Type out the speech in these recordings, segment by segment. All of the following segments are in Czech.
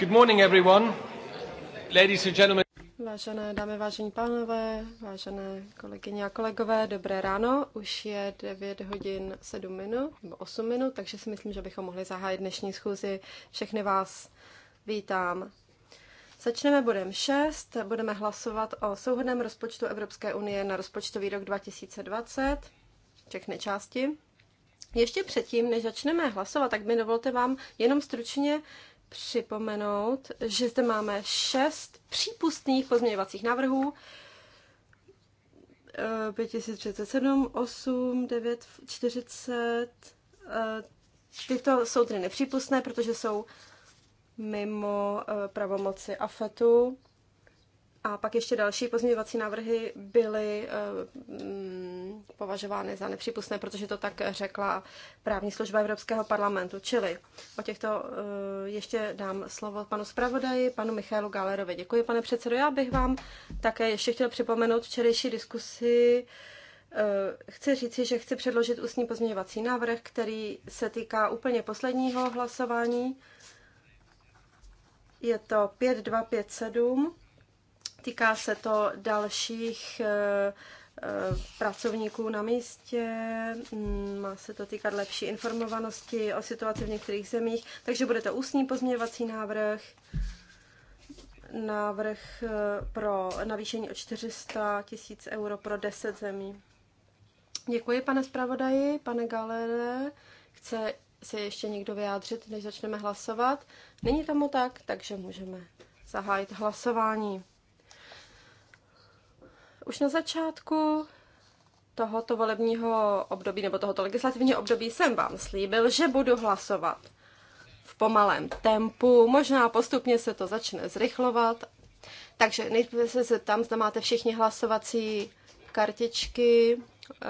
Good morning, everyone. Ladies and gentlemen. Vážené dámy, vážení pánové, vážené kolegyně a kolegové, dobré ráno. Už je 9 hodin 7 minut, nebo 8 minut, takže si myslím, že bychom mohli zahájit dnešní schůzi. Všechny vás vítám. Začneme bodem 6. Budeme hlasovat o souhodném rozpočtu Evropské unie na rozpočtový rok 2020. Všechny části. Ještě předtím, než začneme hlasovat, tak mi dovolte vám jenom stručně připomenout, že zde máme šest přípustných pozměňovacích návrhů. 5037, 8, 9, 40. Tyto jsou tedy nepřípustné, protože jsou mimo eh, pravomoci AFETu. A pak ještě další pozměňovací návrhy byly eh, mm, považovány za nepřípustné, protože to tak řekla právní služba Evropského parlamentu. Čili o těchto eh, ještě dám slovo panu zpravodaji, panu Michálu Galerovi. Děkuji, pane předsedo. Já bych vám také ještě chtěl připomenout včerejší diskusi. Eh, chci říci, že chci předložit ústní pozměňovací návrh, který se týká úplně posledního hlasování. Je to 5257 Týká se to dalších eh, eh, pracovníků na místě, mm, má se to týkat lepší informovanosti o situaci v některých zemích, takže bude to ústní pozměňovací návrh, návrh eh, pro navýšení o 400 tisíc euro pro 10 zemí. Děkuji, pane zpravodaji, pane Galere. Chce se ještě někdo vyjádřit, než začneme hlasovat? Není tomu tak, takže můžeme zahájit hlasování. Už na začátku tohoto volebního období nebo tohoto legislativního období jsem vám slíbil, že budu hlasovat v pomalém tempu, možná postupně se to začne zrychlovat. Takže nejprve se zeptám, zda máte všichni hlasovací kartičky, eh,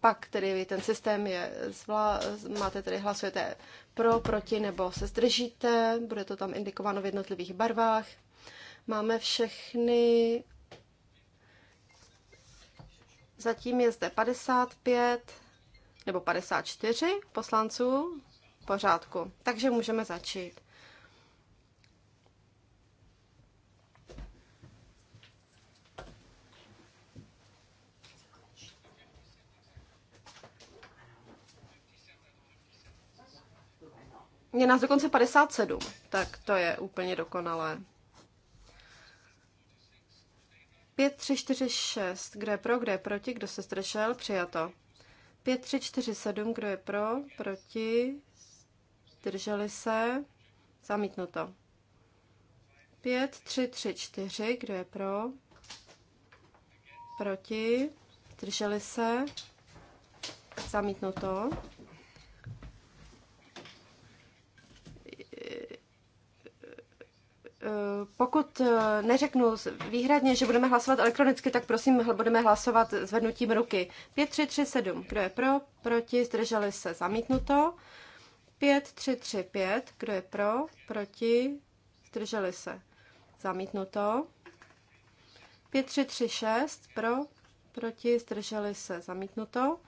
pak tedy ten systém je, zvla, máte tedy hlasujete pro, proti nebo se zdržíte, bude to tam indikováno v jednotlivých barvách. Máme všechny Zatím je zde 55 nebo 54 poslanců v pořádku, takže můžeme začít. Je nás dokonce 57, tak to je úplně dokonalé. 5, 3, 4, 6. Kdo je pro, kdo je proti, kdo se zdržel? Přijato. 5, 3, 4, 7. Kdo je pro, proti, zdrželi se? Zamítnuto. 5, 3, 3, 4. Kdo je pro, proti, zdrželi se? Zamítnuto. Eh, pokud eh, neřeknu výhradně, že budeme hlasovat elektronicky, tak prosím, budeme hlasovat zvednutím ruky. 5, 3, 3, 7. Kdo je pro? Proti? Zdrželi se? Zamítnuto. 5, 3, 3, 5. Kdo je pro? Proti? Zdrželi se? Zamítnuto. 5, 3, 3, 6. Pro? Proti? Zdrželi se? Zamítnuto.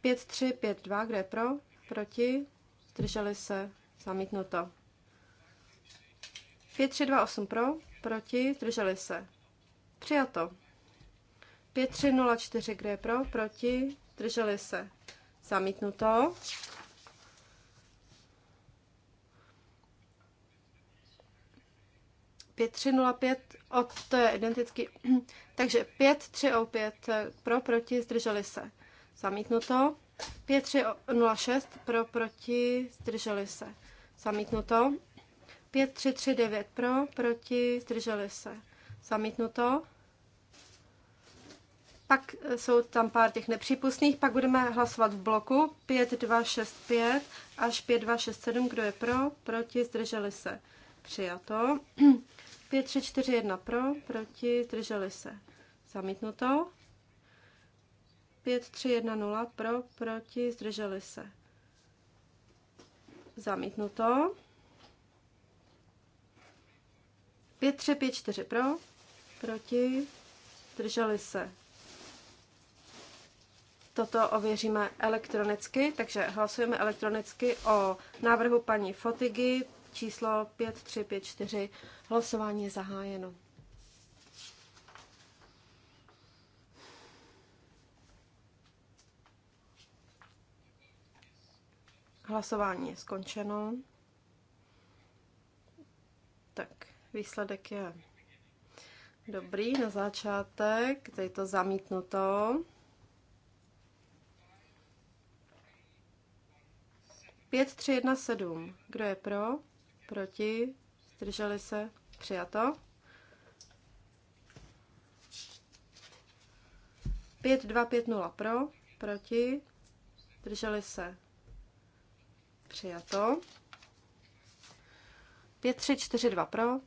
5, 3, 5, 2. Kdo je pro? Proti? Zdrželi se? Zamítnuto. 5328 pro, proti, zdrželi se. Přijato. 5304, kde je pro, proti, zdrželi se. Zamítnuto. Pět tři nula pět, od, to je identický. Takže pět tři o pět pro, proti, zdrželi se. Zamítnuto. 5306 pro, proti, zdrželi se. Zamítnuto. 5339 pro, proti, zdrželi se. Zamítnuto. Pak e, jsou tam pár těch nepřípustných, pak budeme hlasovat v bloku 5265 až 5267, kdo je pro, proti, zdrželi se. Přijato. 5341 pro, proti, zdrželi se. Zamítnuto. 5310 pro, proti, zdrželi se. Zamítnuto. 5, 3, 5, 4 pro, proti, drželi se. Toto ověříme elektronicky, takže hlasujeme elektronicky o návrhu paní Fotigy číslo 5354. Hlasování je zahájeno. Hlasování je skončeno. Výsledek je dobrý na začátek, tady to zamítnuto. sedm. Kdo je pro? Proti? Zdrželi se? Přijato. Pět pět dva nula pro, proti, zdrželi se. Přijato. Pět tři čtyři dva pro,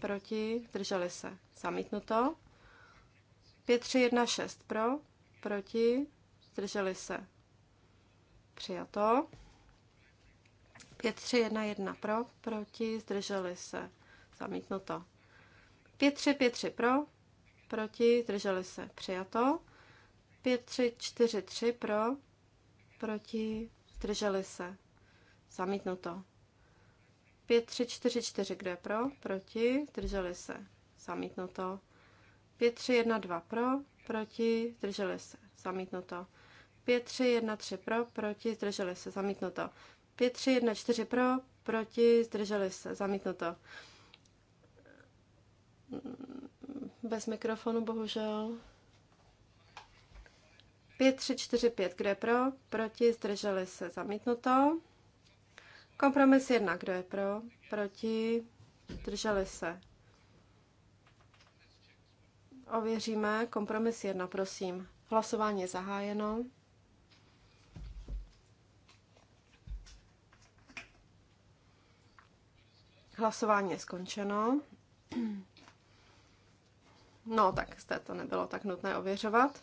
proti, zdrželi se, zamítnuto. 6, pro, proti, zdrželi se, přijato. 1, pro, proti, zdrželi se, zamítnuto. 3, pro, proti, zdrželi se, přijato. 3, pro, proti, zdrželi se, zamítnuto. 5, 3, 4, 4, kdo je pro? Proti, drželi se. Zamítnuto. 5, 3, 1, 2 pro, proti, drželi se. Zamítnuto. 5, 3, 1, 3 pro, proti, zdrželi se. Zamítnuto. 5, 3, 1, 4 pro, proti, zdrželi se. Zamítnuto. Bez mikrofonu, bohužel. 5, 3, 4, 5, kde pro, proti, zdrželi se. Zamítnuto. Kompromis jedna, Kdo je pro? Proti? Drželi se. Ověříme. Kompromis jedna, prosím. Hlasování je zahájeno. Hlasování je skončeno. No, tak zde to nebylo tak nutné ověřovat.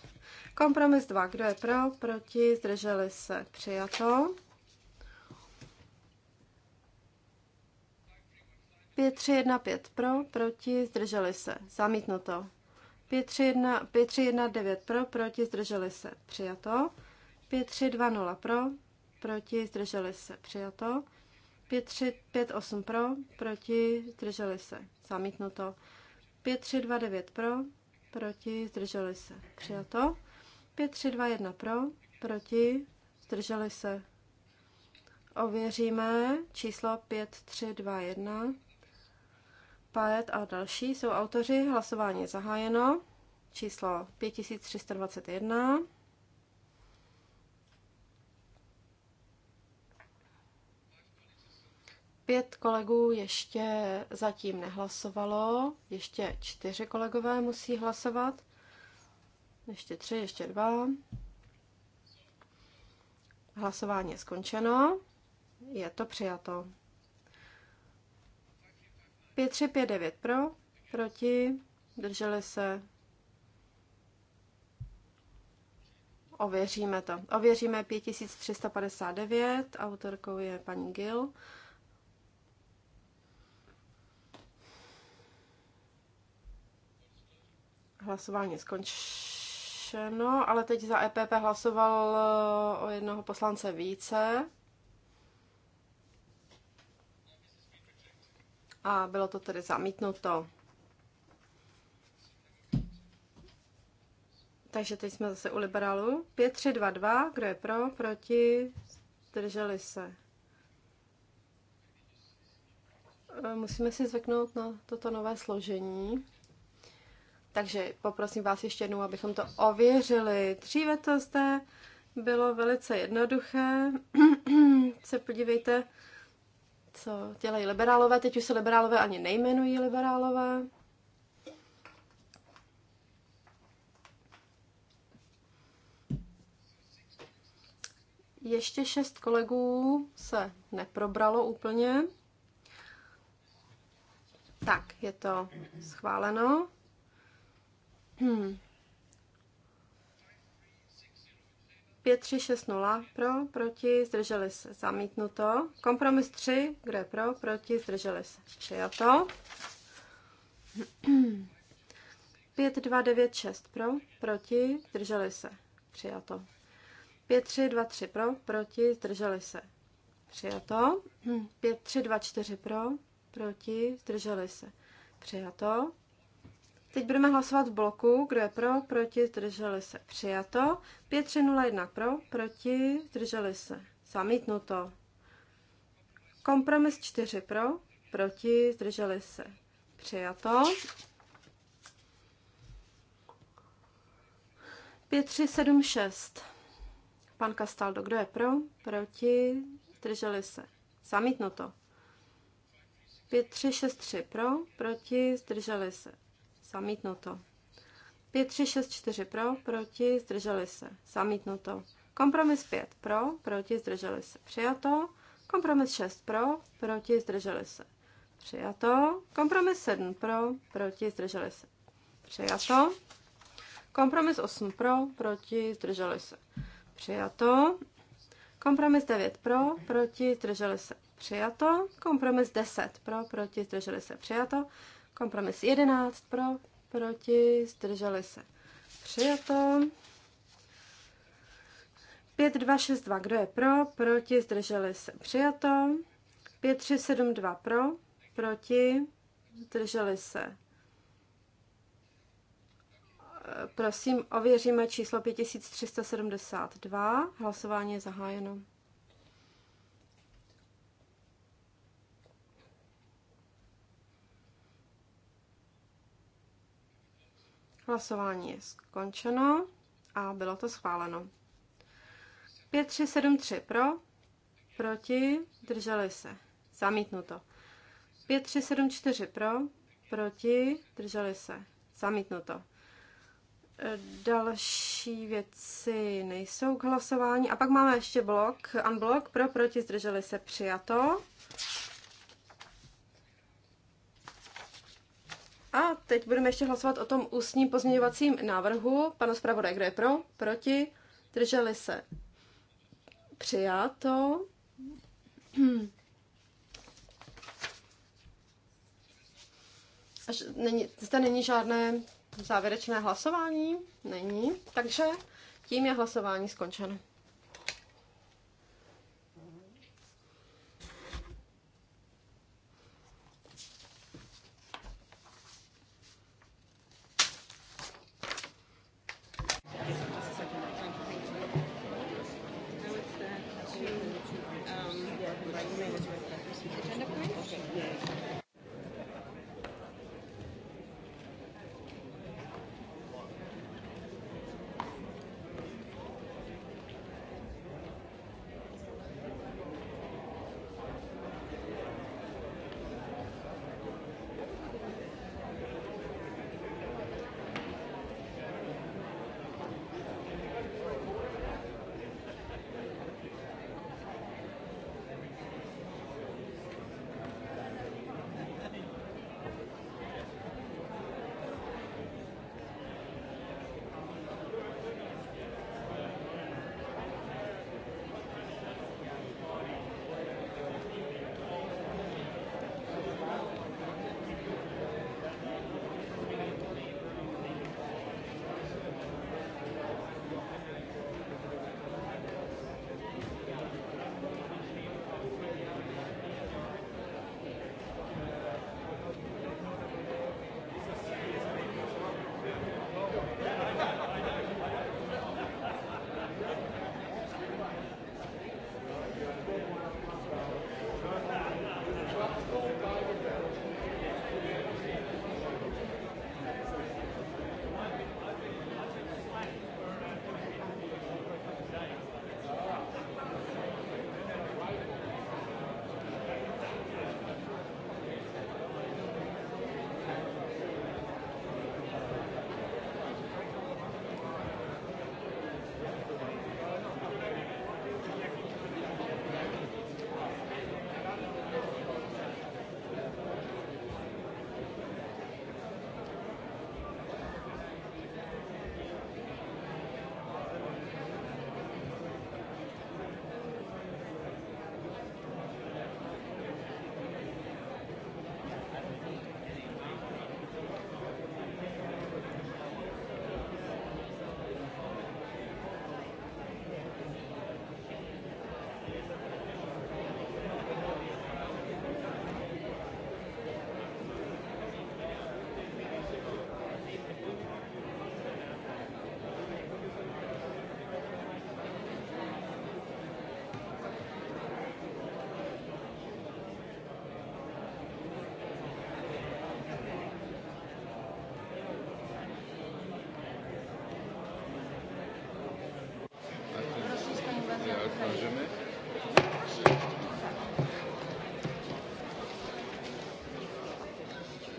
Kompromis 2. Kdo je pro? Proti? Zdrželi se. Přijato. 5 pro, proti, zdrželi se. Zamítnuto. 1 9 pro, proti, zdrželi se. Přijato. 0 pro, proti, zdrželi se. Přijato. 8 pro, proti, zdrželi se. Zamítnuto. 9 pro, proti, zdrželi se. Přijato. 1 pro, proti, zdrželi se. Ověříme číslo 5321. Paet a další jsou autoři. Hlasování je zahájeno. Číslo 5321. Pět kolegů ještě zatím nehlasovalo, ještě čtyři kolegové musí hlasovat, ještě tři, ještě dva. Hlasování je skončeno, je to přijato. 5359 pro, proti, drželi se. Ověříme to. Ověříme 5359, autorkou je paní Gill. Hlasování skončeno, ale teď za EPP hlasoval eh, o jednoho poslance více. a bylo to tedy zamítnuto. Takže teď jsme zase u liberálu. 5, 3, 2, 2. Kdo je pro? Proti? Zdrželi se. E, musíme si zvyknout na toto nové složení. Takže poprosím vás ještě jednou, abychom to ověřili. Dříve to zde bylo velice jednoduché. se podívejte co dělají liberálové. Teď už se liberálové ani nejmenují liberálové. Ještě šest kolegů se neprobralo úplně. Tak, je to schváleno. Hmm. 5360 pro, proti, zdrželi se, zamítnuto. Kompromis 3, kde pro, proti, zdrželi se, přijato. 5296 pro, proti, zdrželi se, přijato. 5323 pro, proti, zdrželi se, přijato. 5324 pro, proti, zdrželi se, přijato. Teď budeme hlasovat v bloku, kdo je pro, proti, zdrželi se, přijato. 1, pro, proti, zdrželi se, zamítnuto. Kompromis 4 pro, proti, zdrželi se, přijato. 6. Pan Kastaldo, kdo je pro, proti, zdrželi se, zamítnuto. 5363 pro, proti, zdrželi se, Zamítnuto. 5, 3, 6, 4 pro, proti, zdrželi se. Zamítnuto. Kompromis 5 pro, proti, zdrželi se. Přijato. Kompromis 6 pro, proti, zdrželi se. Přijato. Kompromis 7 pro, proti, zdrželi se. Přijato. Kompromis 8 pro, proti, zdrželi se. Přijato. Kompromis 9 pro, proti, zdrželi se. Přijato. Kompromis 10 pro, proti, zdrželi se. Přijato. Kompromis 11 pro, proti, zdrželi se. Přijato. 2, kdo je pro, proti, zdrželi se. Přijato. 2, pro, proti, zdrželi se. Prosím, ověříme číslo 5372. Hlasování je zahájeno. Hlasování je skončeno a bylo to schváleno. 5373 pro, proti, drželi se. Zamítnuto. 5374 pro, proti, drželi se. Zamítnuto. E, další věci nejsou k hlasování. A pak máme ještě blok, unblock, pro, proti, zdrželi se, přijato. A teď budeme ještě hlasovat o tom ústním pozměňovacím návrhu. Pana zpravodaj, kdo je pro? Proti? Drželi se? Přijato. Až není, zde není žádné závěrečné hlasování? Není. Takže tím je hlasování skončeno.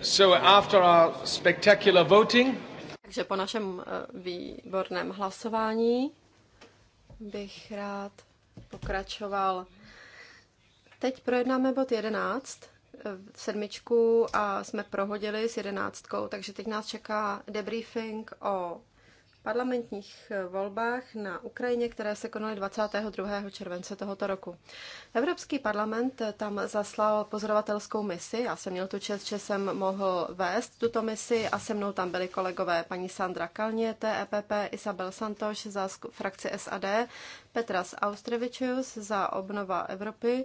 So after our spectacular voting, takže po našem eh, výborném hlasování bych rád pokračoval. Teď projednáme bod 11, eh, sedmičku a jsme prohodili s jedenáctkou, takže teď nás čeká debriefing o parlamentních eh, volbách na Ukrajině, které se konaly 22. července tohoto roku. Evropský parlament eh, tam zaslal pozorovatelskou misi. Já jsem měl tu čest, že jsem mohl vést tuto misi a se mnou tam byli kolegové paní Sandra Kalně, EPP, Isabel Santoš za frakci SAD, Petras Austrevičius za Obnova Evropy,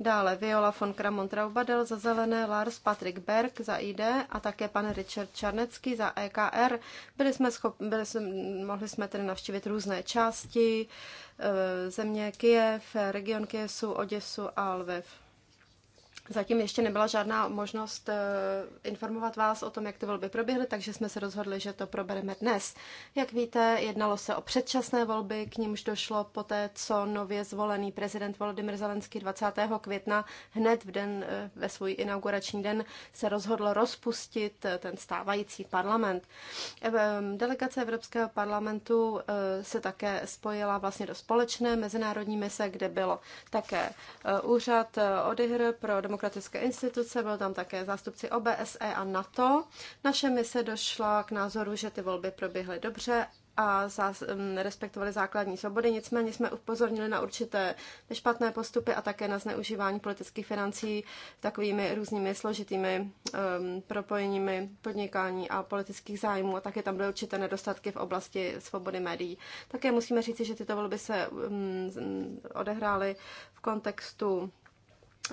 dále Viola von Kramon Traubadel za Zelené, Lars Patrick Berg za ID a také pan Richard Čarnecký za EKR. Byli jsme schop, byli jsme, mohli jsme tedy navštívit různé části eh, země Kiev, region Kijesu, Oděsu a Lviv. Zatím ještě nebyla žádná možnost eh, informovat vás o tom, jak ty volby proběhly, takže jsme se rozhodli, že to probereme dnes. Jak víte, jednalo se o předčasné volby, k nímž došlo poté, co nově zvolený prezident Volodymyr Zelenský 20. května hned v den, eh, ve svůj inaugurační den se rozhodl rozpustit eh, ten stávající parlament. Delegace Evropského parlamentu se také spojila vlastně do společné mezinárodní mise, kde bylo také úřad Odehr pro demokratické instituce, byl tam také zástupci OBSE a NATO. Naše mise došla k názoru, že ty volby proběhly dobře a zás, mm, respektovali základní svobody, nicméně jsme upozornili na určité nešpatné postupy a také na zneužívání politických financí takovými různými složitými um, propojeními podnikání a politických zájmů a také tam byly určité nedostatky v oblasti svobody médií. Také musíme říci, že tyto volby se um, odehrály v kontextu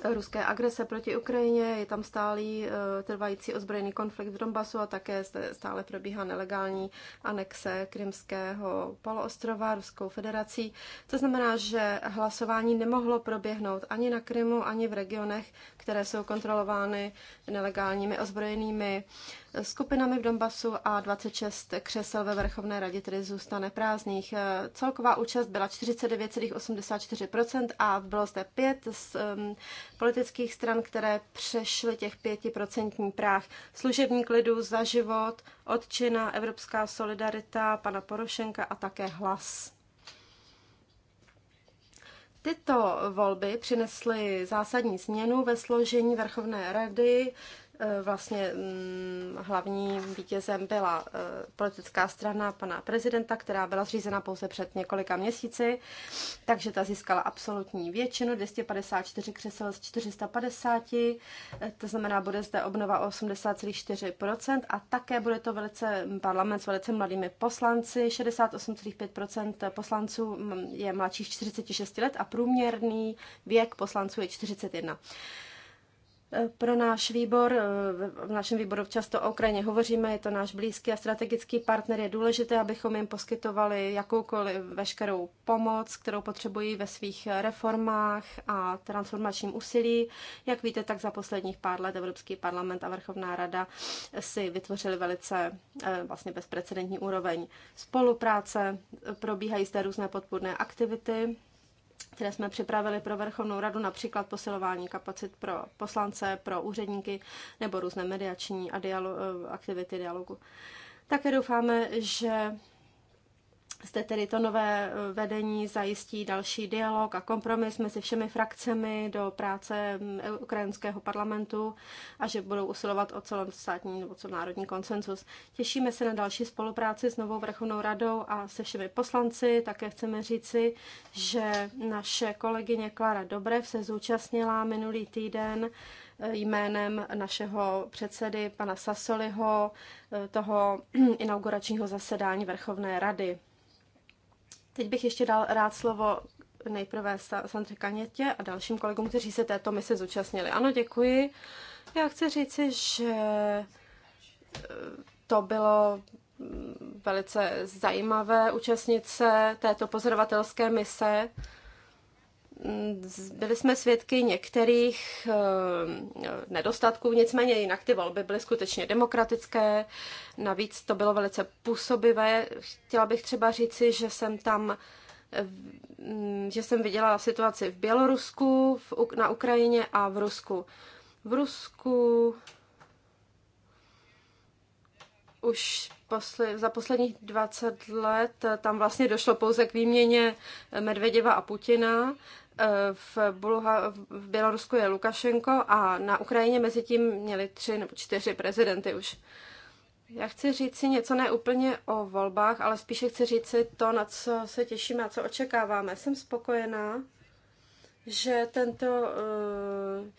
ruské agrese proti Ukrajině, je tam stálý eh, trvající ozbrojený konflikt v Donbasu a také stále probíhá nelegální anexe Krymského poloostrova Ruskou federací. To znamená, že hlasování nemohlo proběhnout ani na Krymu, ani v regionech, které jsou kontrolovány nelegálními ozbrojenými skupinami v Donbasu a 26 křesel ve Vrchovné radě tedy zůstane prázdných. Eh, Celková účast byla 49,84% a bylo zde pět z um, politických stran, které přešly těch 5% práh. Služebník klidu za život, odčina, Evropská solidarita, pana Porošenka a také hlas. Tyto volby přinesly zásadní změnu ve složení Vrchovné rady. E, vlastně mm, hlavní vítězem byla e, politická strana pana prezidenta, která byla zřízena pouze před několika měsíci, takže ta získala absolutní většinu, 254 křesel z 450, e, to znamená, bude zde obnova 80,4% a také bude to velice parlament s velice mladými poslanci, 68,5% poslanců je mladších 46 let a průměrný věk poslanců je 41. Pro náš výbor, eh, v našem výboru často o Ukrajině hovoříme, je to náš blízký a strategický partner. Je důležité, abychom jim poskytovali jakoukoliv veškerou pomoc, kterou potřebují ve svých reformách a transformačním úsilí. Jak víte, tak za posledních pár let Evropský parlament a Vrchovná rada si vytvořili velice eh, vlastně bezprecedentní úroveň spolupráce. Probíhají zde různé podpůrné aktivity které jsme připravili pro Vrchovnou radu, například posilování kapacit pro poslance, pro úředníky nebo různé mediační a dialo- eh, aktivity dialogu. Také doufáme, že zde tedy to nové eh, vedení zajistí další dialog a kompromis mezi všemi frakcemi do práce mm, eh, ukrajinského parlamentu a že budou usilovat o celostátní nebo národní konsenzus. Těšíme se na další spolupráci s Novou vrchovnou radou a se všemi poslanci. Také chceme říci, že naše kolegyně Klara Dobrev se zúčastnila minulý týden eh, jménem našeho předsedy pana Sasoliho toho inauguračního zasedání Vrchovné rady. Teď bych ještě dal rád slovo nejprve Sandře Kanětě a dalším kolegům, kteří se této mise zúčastnili. Ano, děkuji. Já chci říci, že e, to bylo mm, velice zajímavé účastnit se této pozorovatelské mise. Mm, byli jsme svědky některých eh, nedostatků, nicméně jinak ty volby byly skutečně demokratické, navíc to bylo velice působivé. Chtěla bych třeba říci, že jsem tam eh, že jsem viděla situaci v Bělorusku, v, na Ukrajině a v Rusku. V Rusku už posle, za posledních 20 let tam vlastně došlo pouze k výměně Medveděva a Putina. Eh, v, Bulha, v Bělorusku je Lukašenko a na Ukrajině mezi tím měli tři nebo čtyři prezidenty už. Já chci říct si něco ne úplně o volbách, ale spíše chci říct si to, na co se těšíme a co očekáváme. Jsem spokojená, že tento, eh,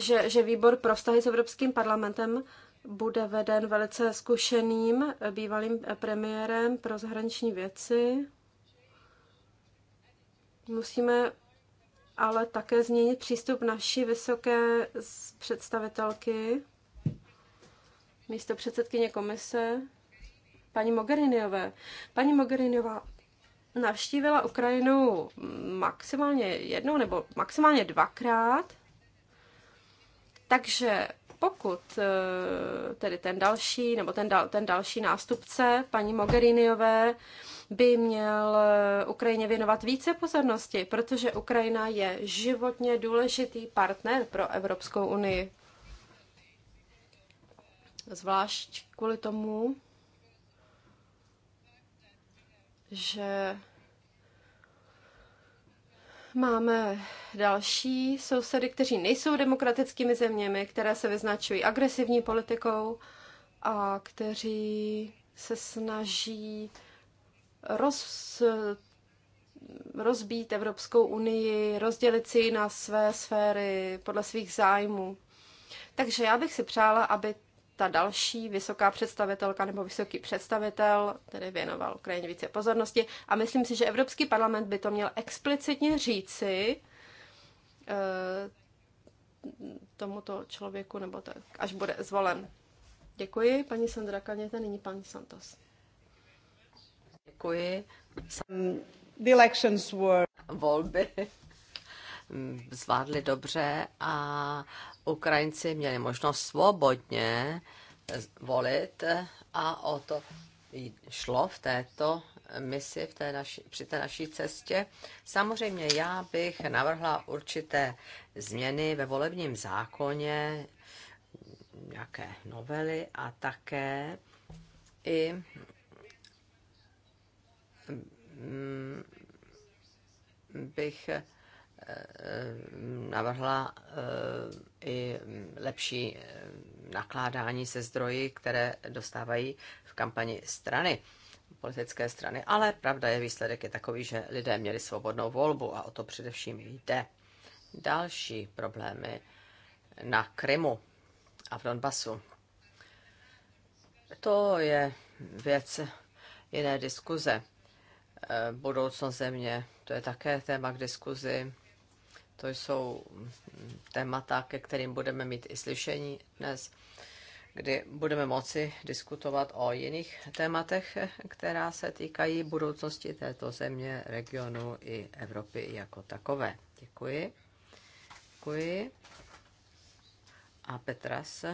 že, že výbor pro vztahy s Evropským parlamentem bude veden velice zkušeným bývalým premiérem pro zahraniční věci. Musíme ale také změnit přístup naší vysoké představitelky, místo předsedkyně komise, paní Mogheriniové. Paní Mogheriniová navštívila Ukrajinu maximálně jednou nebo maximálně dvakrát, takže pokud eh, tedy ten další nebo ten, dal, ten další nástupce paní Mogheriniové by měl eh, Ukrajině věnovat více pozornosti, protože Ukrajina je životně důležitý partner pro Evropskou unii. Zvlášť kvůli tomu, že máme další sousedy, kteří nejsou demokratickými zeměmi, které se vyznačují agresivní politikou a kteří se snaží roz, rozbít Evropskou unii, rozdělit si ji na své sféry podle svých zájmů. Takže já bych si přála, aby ta další vysoká představitelka nebo vysoký představitel tedy věnoval Ukrajině více pozornosti. A myslím si, že Evropský parlament by to měl explicitně říci eh, tomuto člověku, nebo tak, až bude zvolen. Děkuji, paní Sandra Kaněte, nyní paní Santos. Děkuji. The elections were... Volby zvládly dobře a Ukrajinci měli možnost svobodně volit a o to šlo v této misi v té naši, při té naší cestě. Samozřejmě já bych navrhla určité změny ve volebním zákoně, nějaké novely a také i mm, bych navrhla eh, i lepší eh, nakládání se zdroji, které dostávají v kampani strany, politické strany. Ale pravda je, výsledek je takový, že lidé měli svobodnou volbu a o to především jde. Další problémy na Krymu a v Donbasu. To je věc jiné diskuze. Eh, budoucnost země, to je také téma k diskuzi to jsou témata, ke kterým budeme mít i slyšení dnes, kdy budeme moci diskutovat o jiných tématech, která se týkají budoucnosti této země, regionu i Evropy jako takové. Děkuji. Děkuji. A Petras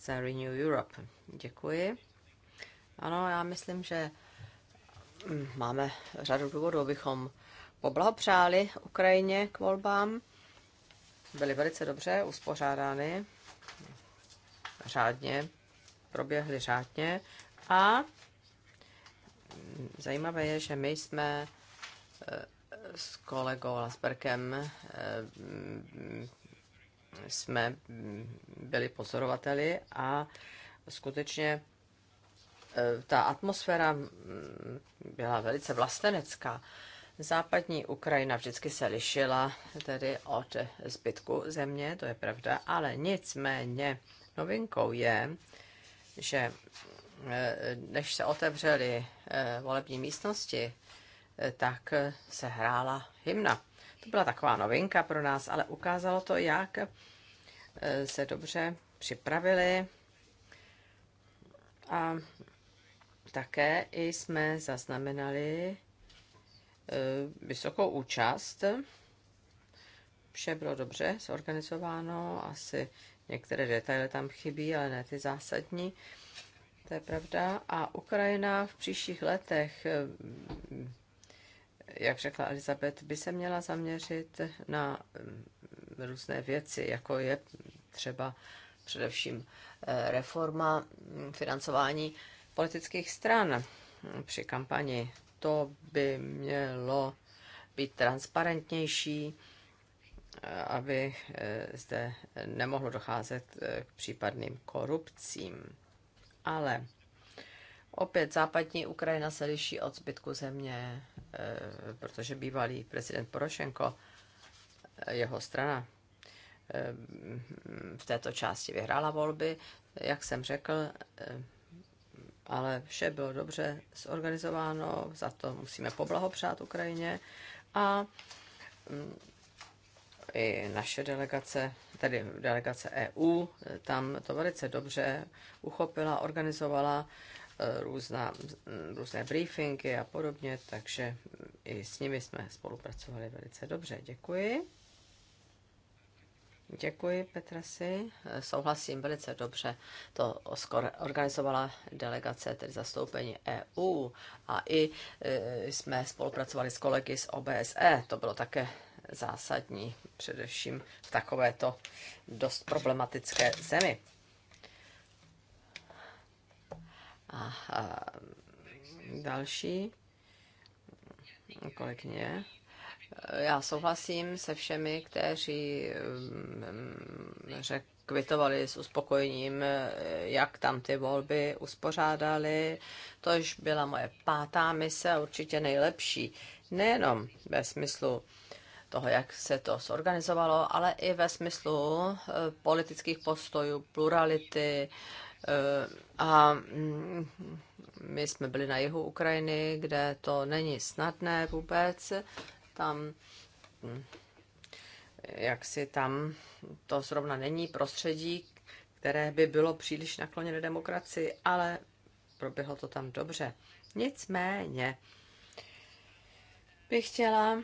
za Renew Europe. Děkuji. Ano, já myslím, že mm, máme řadu důvodů, abychom poblahopřáli Ukrajině k volbám. Byly velice dobře uspořádány, řádně, proběhly řádně a zajímavé je, že my jsme eh, s kolegou Lasberkem eh, jsme byli pozorovateli a skutečně eh, ta atmosféra mm, byla velice vlastenecká. Západní Ukrajina vždycky se lišila tedy od zbytku země, to je pravda, ale nicméně novinkou je, že eh, než se otevřely eh, volební místnosti, eh, tak se hrála hymna. To byla taková novinka pro nás, ale ukázalo to, jak se dobře připravili a také i jsme zaznamenali Eh, vysokou účast. Vše bylo dobře zorganizováno, asi některé detaily tam chybí, ale ne ty zásadní. To je pravda. A Ukrajina v příštích letech, eh, jak řekla Elizabeth, by se měla zaměřit na mm, různé věci, jako je třeba především eh, reforma mm, financování politických stran při kampani to by mělo být transparentnější, eh, aby eh, zde nemohlo docházet eh, k případným korupcím. Ale opět západní Ukrajina se liší od zbytku země, protože bývalý prezident Porošenko, jeho strana, v této části vyhrála volby. Jak jsem řekl, ale vše bylo dobře zorganizováno, za to musíme poblahopřát Ukrajině a mm, i naše delegace, tedy delegace EU, tam to velice dobře uchopila, organizovala e, různá, mm, různé briefingy a podobně, takže i s nimi jsme spolupracovali velice dobře. Děkuji. Děkuji, si. Souhlasím velice dobře. To organizovala delegace, tedy zastoupení EU a i e, jsme spolupracovali s kolegy z OBSE. To bylo také zásadní, především v takovéto dost problematické zemi. A, a další kolegyně. Já souhlasím se všemi, kteří mm, řekli, kvitovali s uspokojením, jak tam ty volby uspořádali. To již byla moje pátá mise, určitě nejlepší. Nejenom ve smyslu toho, jak se to zorganizovalo, ale i ve smyslu eh, politických postojů, plurality. Eh, a mm, my jsme byli na jihu Ukrajiny, kde to není snadné vůbec tam jak si tam to zrovna není prostředí, které by bylo příliš nakloněné demokracii, ale proběhlo to tam dobře. Nicméně bych chtěla,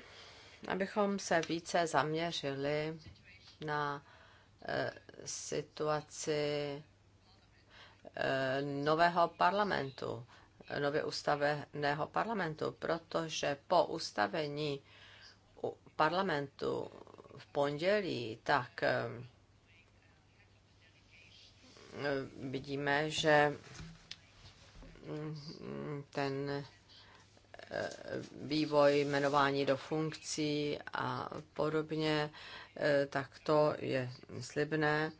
abychom se více zaměřili na e, situaci e, nového parlamentu, nově ustaveného parlamentu, protože po ustavení parlamentu v pondělí, tak eh, vidíme, že mm, ten eh, vývoj jmenování do funkcí a podobně, eh, tak to je slibné.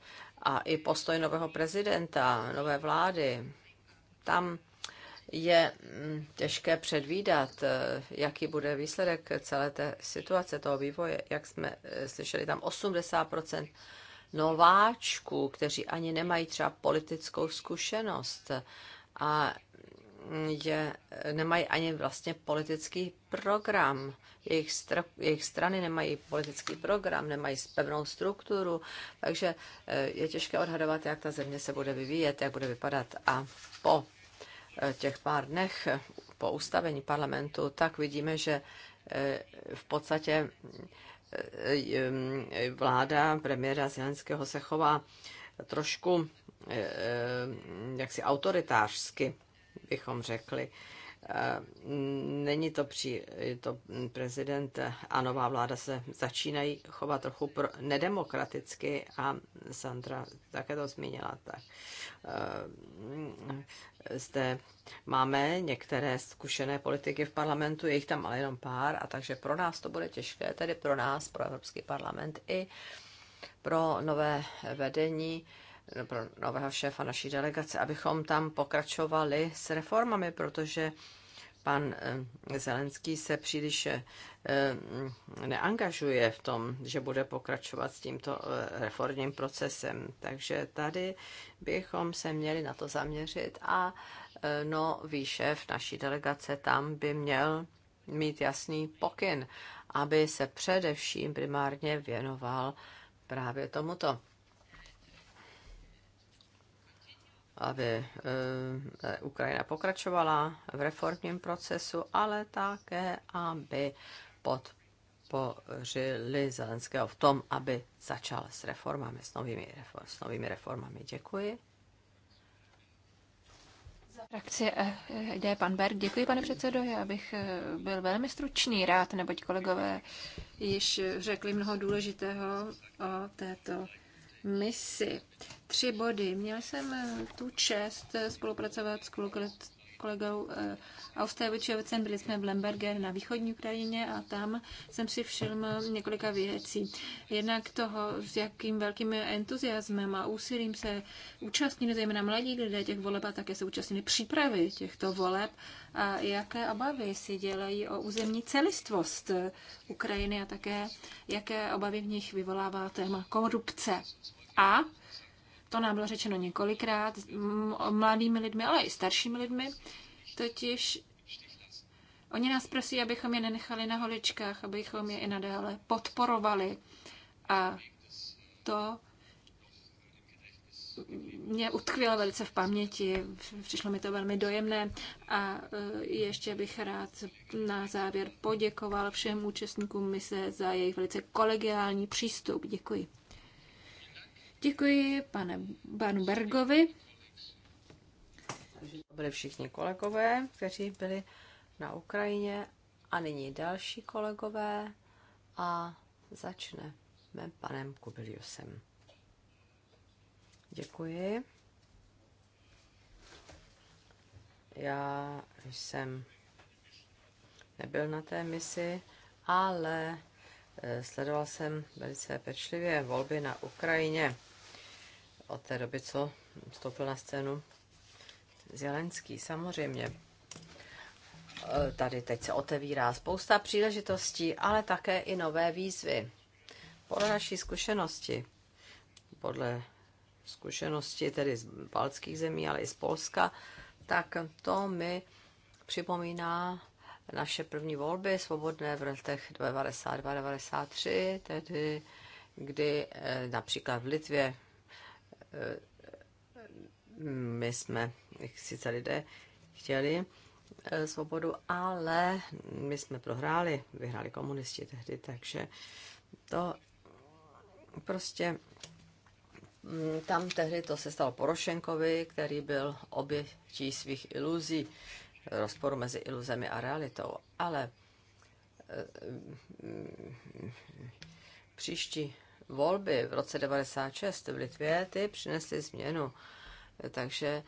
A i postoj nového prezidenta, nové vlády, tam je mm, těžké předvídat, eh, jaký bude výsledek celé té situace, toho vývoje. Jak jsme eh, slyšeli, tam 80 nováčků, kteří ani nemají třeba politickou zkušenost a mm, je, eh, nemají ani vlastně politický program. Jejich, str- jejich strany nemají politický program, nemají pevnou strukturu, takže je těžké odhadovat, jak ta země se bude vyvíjet, jak bude vypadat. A po těch pár dnech po ustavení parlamentu, tak vidíme, že eh, v podstatě eh, eh, vláda premiéra Zelenského se chová trošku jaksi autoritářsky, bychom řekli. Eh, není to, při, to prezident a nová vláda se začínají chovat trochu pro, nedemokraticky a Sandra také to zmínila. Tak. Eh, zde máme některé zkušené politiky v parlamentu, je jich tam ale jenom pár, a takže pro nás to bude těžké, tedy pro nás, pro Evropský parlament i pro nové vedení pro nového šéfa naší delegace, abychom tam pokračovali s reformami, protože pan eh, Zelenský se příliš eh, mm, neangažuje v tom, že bude pokračovat s tímto eh, reformním procesem. Takže tady bychom se měli na to zaměřit a no, výšev naší delegace tam by měl mít jasný pokyn, aby se především primárně věnoval právě tomuto. aby eh, Ukrajina pokračovala v reformním procesu, ale také, aby podpořili Zelenského v tom, aby začal s reformami, s novými, s novými reformami. Děkuji. Frakce frakci eh, jde pan Berg. Děkuji, pane předsedo. Já bych eh, byl velmi stručný rád, neboť kolegové již řekli mnoho důležitého o této misi. Tři body. Měl jsem eh, tu čest eh, spolupracovat s kolegou eh, Austevičovicem, byli jsme v Lemberger na východní Ukrajině a tam jsem si všiml několika věcí. Jednak toho, s jakým velkým entuziasmem a úsilím se účastnili zejména mladí lidé těch voleb a také se účastnili přípravy těchto voleb a jaké obavy si dělají o územní celistvost Ukrajiny a také jaké obavy v nich vyvolává téma korupce. A to nám bylo řečeno několikrát mladými lidmi, ale i staršími lidmi, totiž oni nás prosí, abychom je nenechali na holičkách, abychom je i nadále podporovali. A to mě utkvělo velice v paměti, přišlo mi to velmi dojemné a e, ještě bych rád na závěr poděkoval všem účastníkům mise za jejich velice kolegiální přístup. Děkuji. Děkuji pane, panu Bergovi. Takže to byli všichni kolegové, kteří byli na Ukrajině a nyní další kolegové a začne mém panem Kubiliusem. Děkuji. Já jsem nebyl na té misi, ale eh, sledoval jsem velice pečlivě volby na Ukrajině od té doby, co vstoupil na scénu Zelenský, samozřejmě. E, tady teď se otevírá spousta příležitostí, ale také i nové výzvy. Podle naší zkušenosti, podle zkušenosti tedy z baltských zemí, ale i z Polska, tak to mi připomíná naše první volby svobodné v letech 92-93, tedy kdy e, například v Litvě my jsme sice lidé chtěli eh, svobodu, ale my jsme prohráli, vyhráli komunisti tehdy, takže to prostě mm, tam tehdy to se stalo Porošenkovi, který byl obětí svých iluzí, rozporu mezi iluzemi a realitou. Ale eh, mm, příští volby v roce 96 v Litvě, ty přinesly změnu. Takže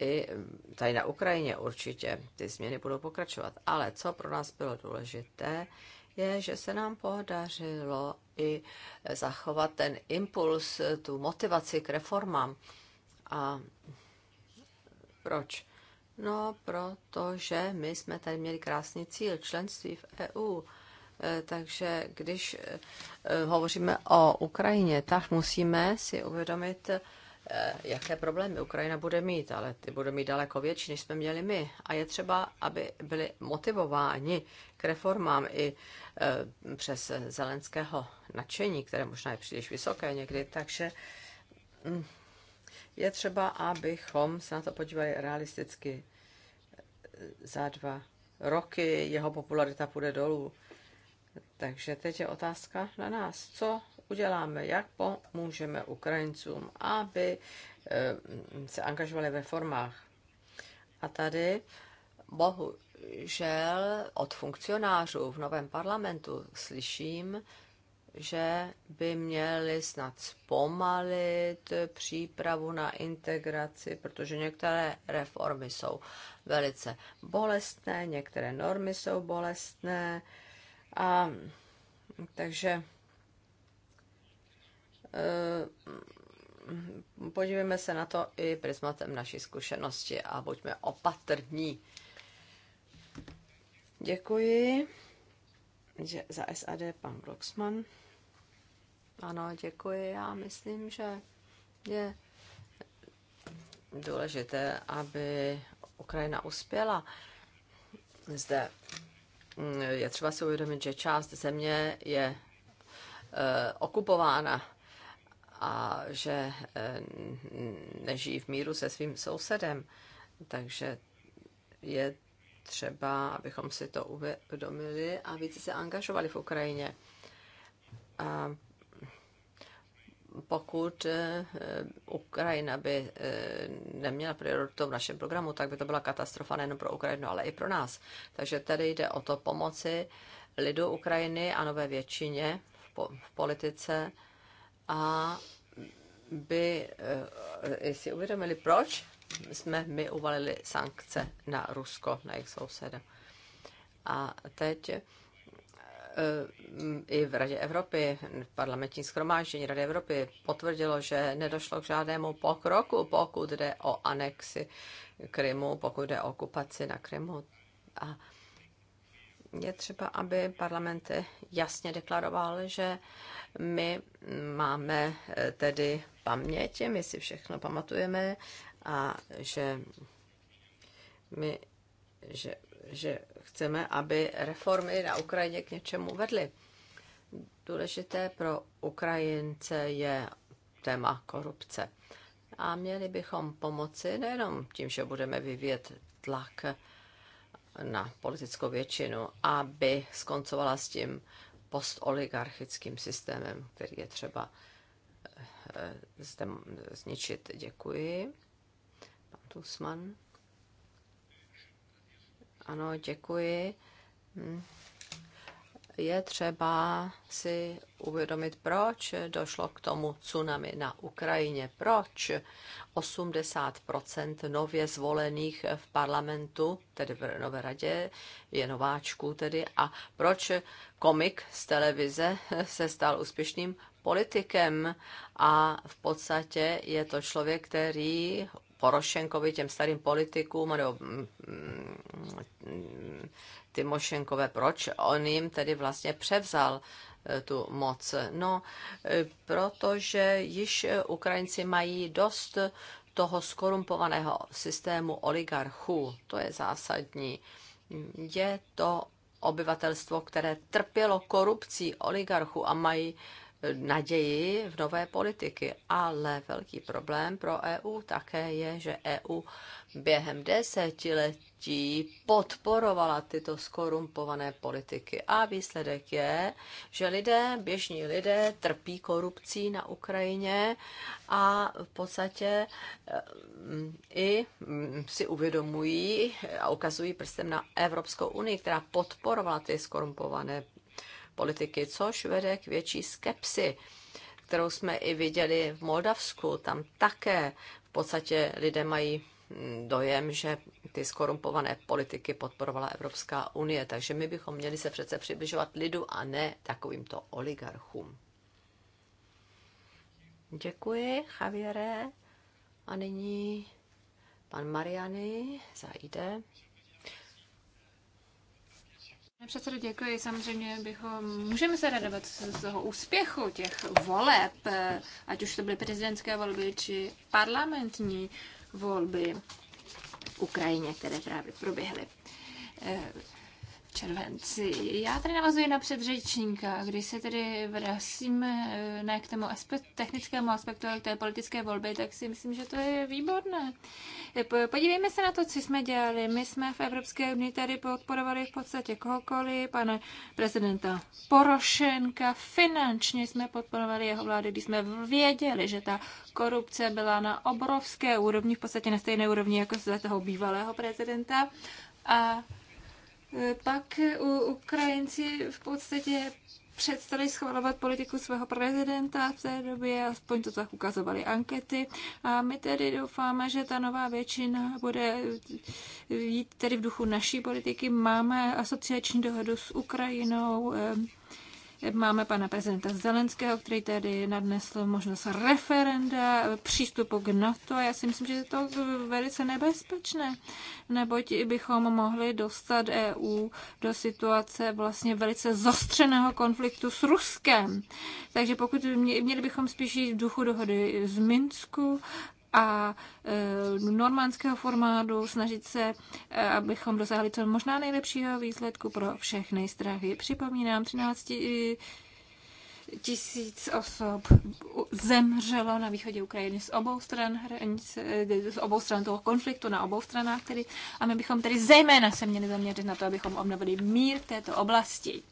i tady na Ukrajině určitě ty změny budou pokračovat. Ale co pro nás bylo důležité, je, že se nám podařilo i zachovat ten impuls, tu motivaci k reformám. A proč? No, protože my jsme tady měli krásný cíl členství v EU Eh, takže když eh, hovoříme o Ukrajině, tak musíme si uvědomit, eh, jaké problémy Ukrajina bude mít, ale ty bude mít daleko větší, než jsme měli my. A je třeba, aby byli motivováni k reformám i přes zelenského nadšení, které možná je příliš vysoké někdy. Takže hm, je třeba, abychom se na to podívali realisticky. Za dva roky jeho popularita půjde dolů takže teď je otázka na nás, co uděláme, jak pomůžeme Ukrajincům, aby eh, se angažovali ve formách. A tady bohužel od funkcionářů v novém parlamentu slyším, že by měli snad zpomalit přípravu na integraci, protože některé reformy jsou velice bolestné, některé normy jsou bolestné, a takže eh, podívejme se na to i prismatem naší zkušenosti a buďme opatrní. Děkuji že za SAD pan Bloxman. Ano, děkuji. Já myslím, že je důležité, aby Ukrajina uspěla zde je třeba si uvědomit, že část země je eh, okupována a že eh, nežijí v míru se svým sousedem. Takže je třeba, abychom si to uvědomili a více se angažovali v Ukrajině. A pokud eh, Ukrajina by eh, neměla prioritu v našem programu, tak by to byla katastrofa nejen pro Ukrajinu, ale i pro nás. Takže tady jde o to pomoci lidu Ukrajiny a nové většině v politice a by eh, si uvědomili, proč jsme my uvalili sankce na Rusko, na jejich souseda. A teď Eh, i v Radě Evropy, v parlamentní schromáždění Rady Evropy potvrdilo, že nedošlo k žádnému pokroku, pokud jde o anexi Krymu, pokud jde o okupaci na Krymu. A je třeba, aby parlament jasně deklaroval, že my máme eh, tedy paměti, my si všechno pamatujeme a že my, že, že chceme, aby reformy na Ukrajině k něčemu vedly. Důležité pro Ukrajince je téma korupce. A měli bychom pomoci nejenom tím, že budeme vyvíjet tlak na politickou většinu, aby skoncovala s tím postoligarchickým systémem, který je třeba eh, eh, zničit. Děkuji. Pan Tusman. Ano, děkuji. Hm. Je třeba si uvědomit, proč došlo k tomu tsunami na Ukrajině. Proč 80 nově zvolených v parlamentu, tedy v Nové radě, je nováčků tedy, a proč komik z televize se stal úspěšným politikem a v podstatě je to člověk, který Porošenkovi, těm starým politikům, nebo mm, mm, Tymošenkové, proč on jim tedy vlastně převzal eh, tu moc? No, eh, protože již eh, Ukrajinci mají dost toho skorumpovaného systému oligarchů. To je zásadní. Je to obyvatelstvo, které trpělo korupcí oligarchů a mají naději v nové politiky. Ale velký problém pro EU také je, že EU během desetiletí podporovala tyto skorumpované politiky. A výsledek je, že lidé, běžní lidé, trpí korupcí na Ukrajině a v podstatě eh, i mm, si uvědomují a ukazují prstem na Evropskou unii, která podporovala ty skorumpované politiky, což vede k větší skepsi, kterou jsme i viděli v Moldavsku. Tam také v podstatě lidé mají dojem, že ty skorumpované politiky podporovala Evropská unie, takže my bychom měli se přece přibližovat lidu a ne takovýmto oligarchům. Děkuji, Javiere. A nyní pan Mariany zajde. Předsedo, děkuji. Samozřejmě bychom, můžeme se radovat z toho úspěchu těch voleb, eh, ať už to byly prezidentské volby či parlamentní volby v Ukrajině, které právě proběhly. Eh, červenci. Já tady navazuji na předřečníka, když se tedy vracíme eh, ne k tomu aspekt, technickému aspektu, ale k té politické volby, tak si myslím, že to je výborné. Eh, podívejme se na to, co jsme dělali. My jsme v Evropské unii tady podporovali v podstatě kohokoliv, pane prezidenta Porošenka, finančně jsme podporovali jeho vládu, když jsme věděli, že ta korupce byla na obrovské úrovni, v podstatě na stejné úrovni, jako za toho bývalého prezidenta. A pak Ukrajinci v podstatě přestali schvalovat politiku svého prezidenta v té době, aspoň to tak ukazovaly ankety. A my tedy doufáme, že ta nová většina bude jít tedy v duchu naší politiky. Máme asociační dohodu s Ukrajinou, Máme pana prezidenta Zelenského, který tedy nadnesl možnost referenda, přístupu k NATO. Já si myslím, že je to velice nebezpečné, neboť bychom mohli dostat EU do situace vlastně velice zostřeného konfliktu s Ruskem. Takže pokud měli bychom spíš jít v duchu dohody z Minsku a e, normandského formádu, snažit se, e, abychom dosáhli co možná nejlepšího výsledku pro všechny strahy. Připomínám, 13 e, tisíc osob zemřelo na východě Ukrajiny z obou stran hranice, z obou stran toho konfliktu, na obou stranách tedy. A my bychom tedy zejména se měli zaměřit na to, abychom obnovili mír v této oblasti.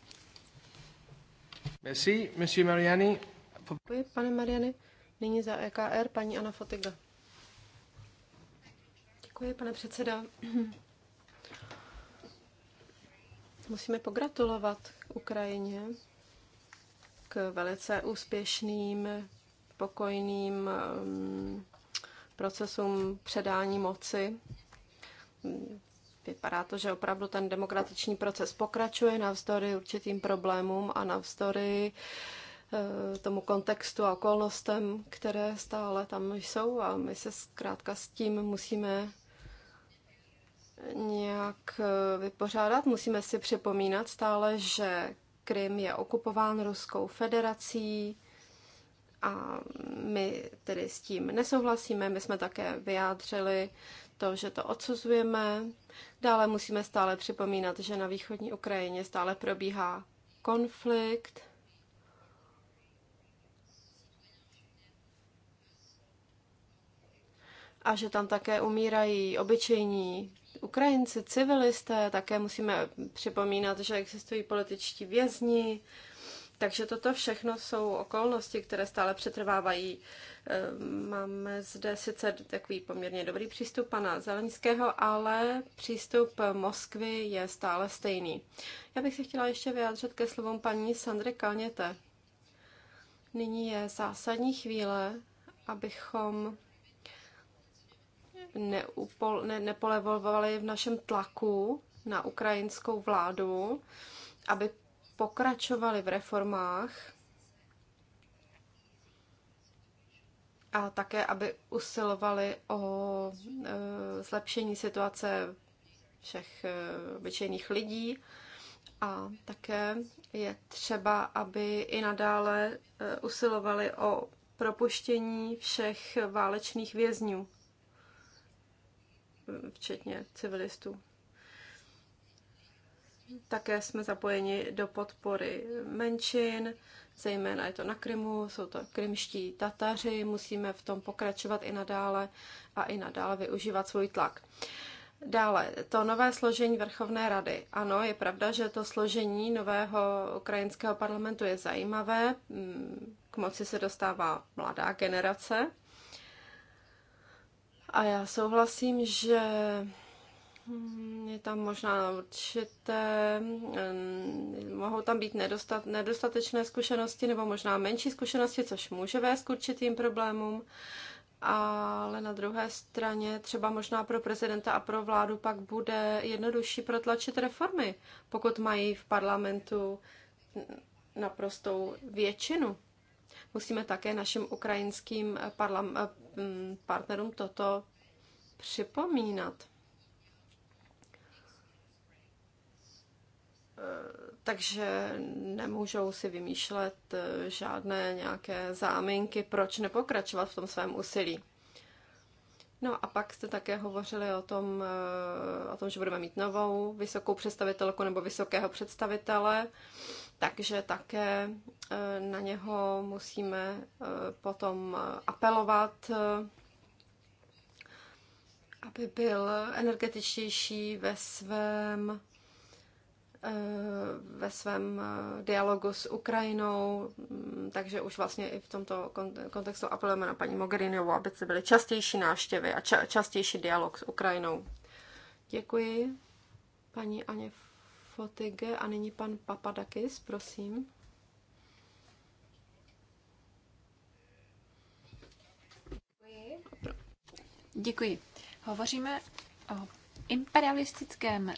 Merci, monsieur Mariani. Děkuji, pane Mariani. Nyní za EKR paní Ana Fotiga. Děkuji, pane předsedo. Musíme pogratulovat Ukrajině k velice úspěšným, pokojným um, procesům předání moci. Vypadá to, že opravdu ten demokratiční proces pokračuje navzdory určitým problémům a navzdory eh, tomu kontextu a okolnostem, které stále tam jsou a my se zkrátka s tím musíme nějak eh, vypořádat. Musíme si připomínat stále, že Krym je okupován Ruskou federací a my tedy s tím nesouhlasíme. My jsme také vyjádřili to, že to odsuzujeme. Dále musíme stále připomínat, že na východní Ukrajině stále probíhá konflikt. A že tam také umírají obyčejní Ukrajinci, civilisté, také musíme připomínat, že existují političtí vězni, takže toto všechno jsou okolnosti, které stále přetrvávají. E, máme zde sice takový poměrně dobrý přístup pana Zelenského, ale přístup Moskvy je stále stejný. Já bych se chtěla ještě vyjádřit ke slovům paní Sandry Kalněte. Nyní je zásadní chvíle, abychom neupol, ne, nepolevovali v našem tlaku na ukrajinskou vládu, aby pokračovali v reformách a také, aby usilovali o e, zlepšení situace všech e, obyčejných lidí. A také je třeba, aby i nadále e, usilovali o propuštění všech válečných vězňů včetně civilistů. Také jsme zapojeni do podpory menšin, zejména je to na Krymu, jsou to krymští Tataři, musíme v tom pokračovat i nadále a i nadále využívat svůj tlak. Dále, to nové složení Vrchovné rady. Ano, je pravda, že to složení nového ukrajinského parlamentu je zajímavé. Mm, k moci se dostává mladá generace, a já souhlasím, že je tam možná určité, mohou tam být nedostat, nedostatečné zkušenosti nebo možná menší zkušenosti, což může vést k určitým problémům, ale na druhé straně třeba možná pro prezidenta a pro vládu pak bude jednodušší protlačit reformy, pokud mají v parlamentu naprostou většinu. Musíme také našim ukrajinským eh, mm, partnerům toto připomínat. Eh, takže nemůžou si vymýšlet eh, žádné nějaké záminky, proč nepokračovat v tom svém úsilí. No a pak jste také hovořili o tom, o tom, že budeme mít novou vysokou představitelku nebo vysokého představitele takže také eh, na něho musíme eh, potom eh, apelovat, aby byl energetičtější ve svém ve svém dialogu s Ukrajinou, mm, takže už vlastně i v tomto kontextu apelujeme na paní Mogherinovou, aby se byly častější návštěvy a častější dialog s Ukrajinou. Děkuji, paní Aněv. Fotige a nyní pan Papadakis, prosím. Děkuji. Hovoříme o imperialistickém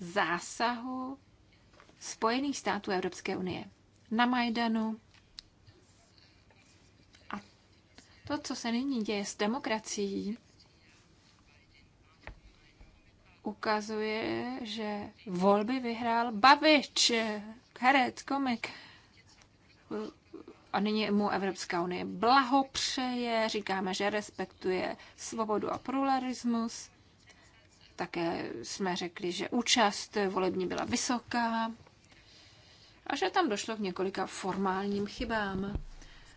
zásahu Spojených států Evropské unie na Majdanu. A to, co se nyní děje s demokracií, ukazuje, že volby vyhrál Babič, herec, komik. A nyní mu Evropská unie blahopřeje, říkáme, že respektuje svobodu a pluralismus. Také jsme řekli, že účast volební byla vysoká a že tam došlo k několika formálním chybám.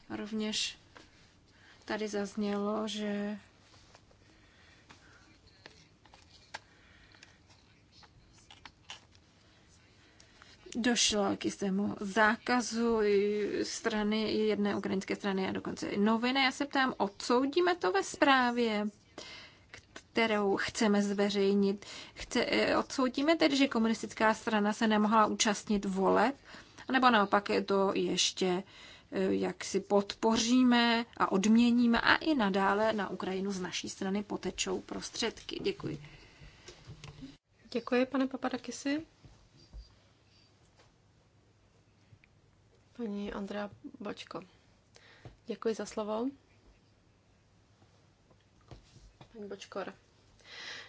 rovněž tady zaznělo, že došlo k jistému zákazu strany, jedné ukrajinské strany a dokonce i noviny. Já se ptám, odsoudíme to ve zprávě, kterou chceme zveřejnit. Chce, eh, odsoudíme tedy, že komunistická strana se nemohla účastnit voleb, nebo naopak je to ještě eh, jak si podpoříme a odměníme a i nadále na Ukrajinu z naší strany potečou prostředky. Děkuji. Děkuji, pane Papadakisi. Paní Andrea Bočko. Děkuji za slovo. Paní Bočkor.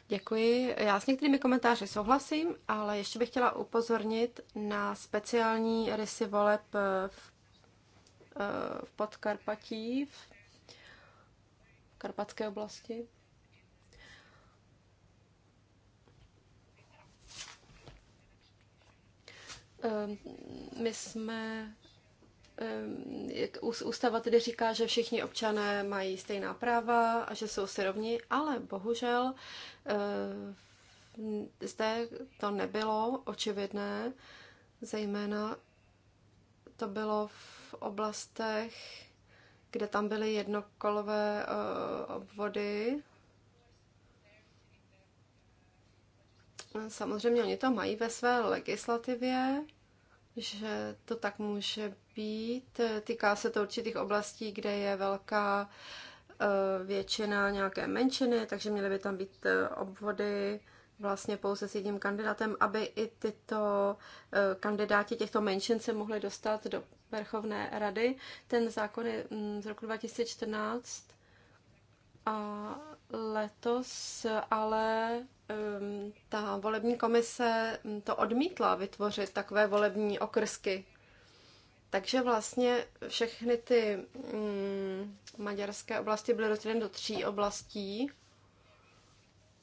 Děkuji. Já s některými komentáři souhlasím, ale ještě bych chtěla upozornit na speciální rysy voleb eh, v, eh, v Podkarpatí, v Karpatské oblasti. Ehm, my jsme ústava tedy říká, že všichni občané mají stejná práva a že jsou si rovni, ale bohužel eh, zde to nebylo očividné, zejména to bylo v oblastech, kde tam byly jednokolové eh, obvody. Samozřejmě oni to mají ve své legislativě, že to tak může být. Týká se to určitých oblastí, kde je velká eh, většina nějaké menšiny, takže měly by tam být eh, obvody vlastně pouze s jedním kandidátem, aby i tyto eh, kandidáti těchto menšin se mohli dostat do Verchovné rady. Ten zákon je mm, z roku 2014 a letos ale ehm, ta volební komise mm, to odmítla vytvořit takové volební okrsky takže vlastně všechny ty mm, maďarské oblasti byly rozděleny do tří oblastí.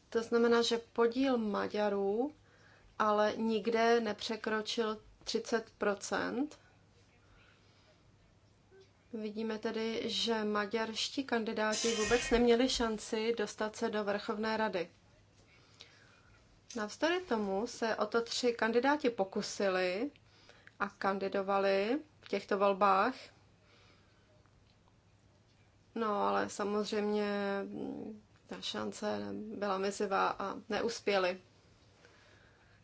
To znamená, že podíl Maďarů ale nikde nepřekročil 30 Vidíme tedy, že maďarští kandidáti vůbec neměli šanci dostat se do Vrchovné rady. Navzdory tomu se o to tři kandidáti pokusili a kandidovali v těchto volbách. No, ale samozřejmě mm, ta šance byla mizivá a neuspěli.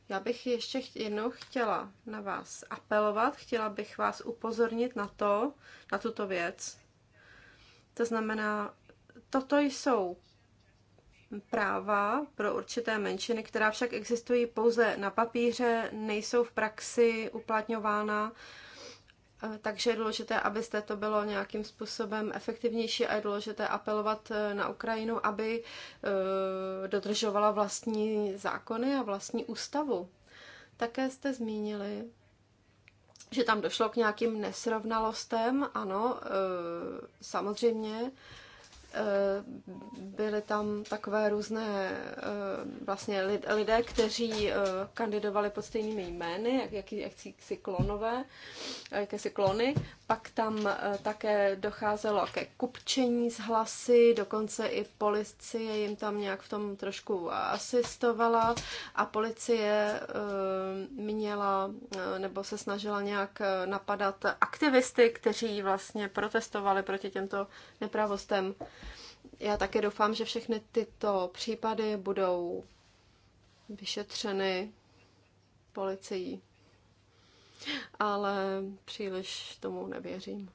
Já bych ještě jednou chtěla na vás apelovat, chtěla bych vás upozornit na to, na tuto věc. To znamená, toto jsou práva pro určité menšiny, která však existují pouze na papíře, nejsou v praxi uplatňována Eh, takže je důležité, abyste to bylo nějakým způsobem efektivnější a je důležité apelovat eh, na Ukrajinu, aby eh, dodržovala vlastní zákony a vlastní ústavu. Také jste zmínili, že tam došlo k nějakým nesrovnalostem, ano, samozřejmě, Eh, byly tam takové různé eh, vlastně lidé, kteří eh, kandidovali pod stejnými jmény, jak, jak si klonové, jakési klony. Pak tam také docházelo ke kupčení z hlasy, dokonce i policie jim tam nějak v tom trošku asistovala a policie měla nebo se snažila nějak napadat aktivisty, kteří vlastně protestovali proti těmto nepravostem. Já také doufám, že všechny tyto případy budou vyšetřeny policií. Ale příliš tomu nevěřím.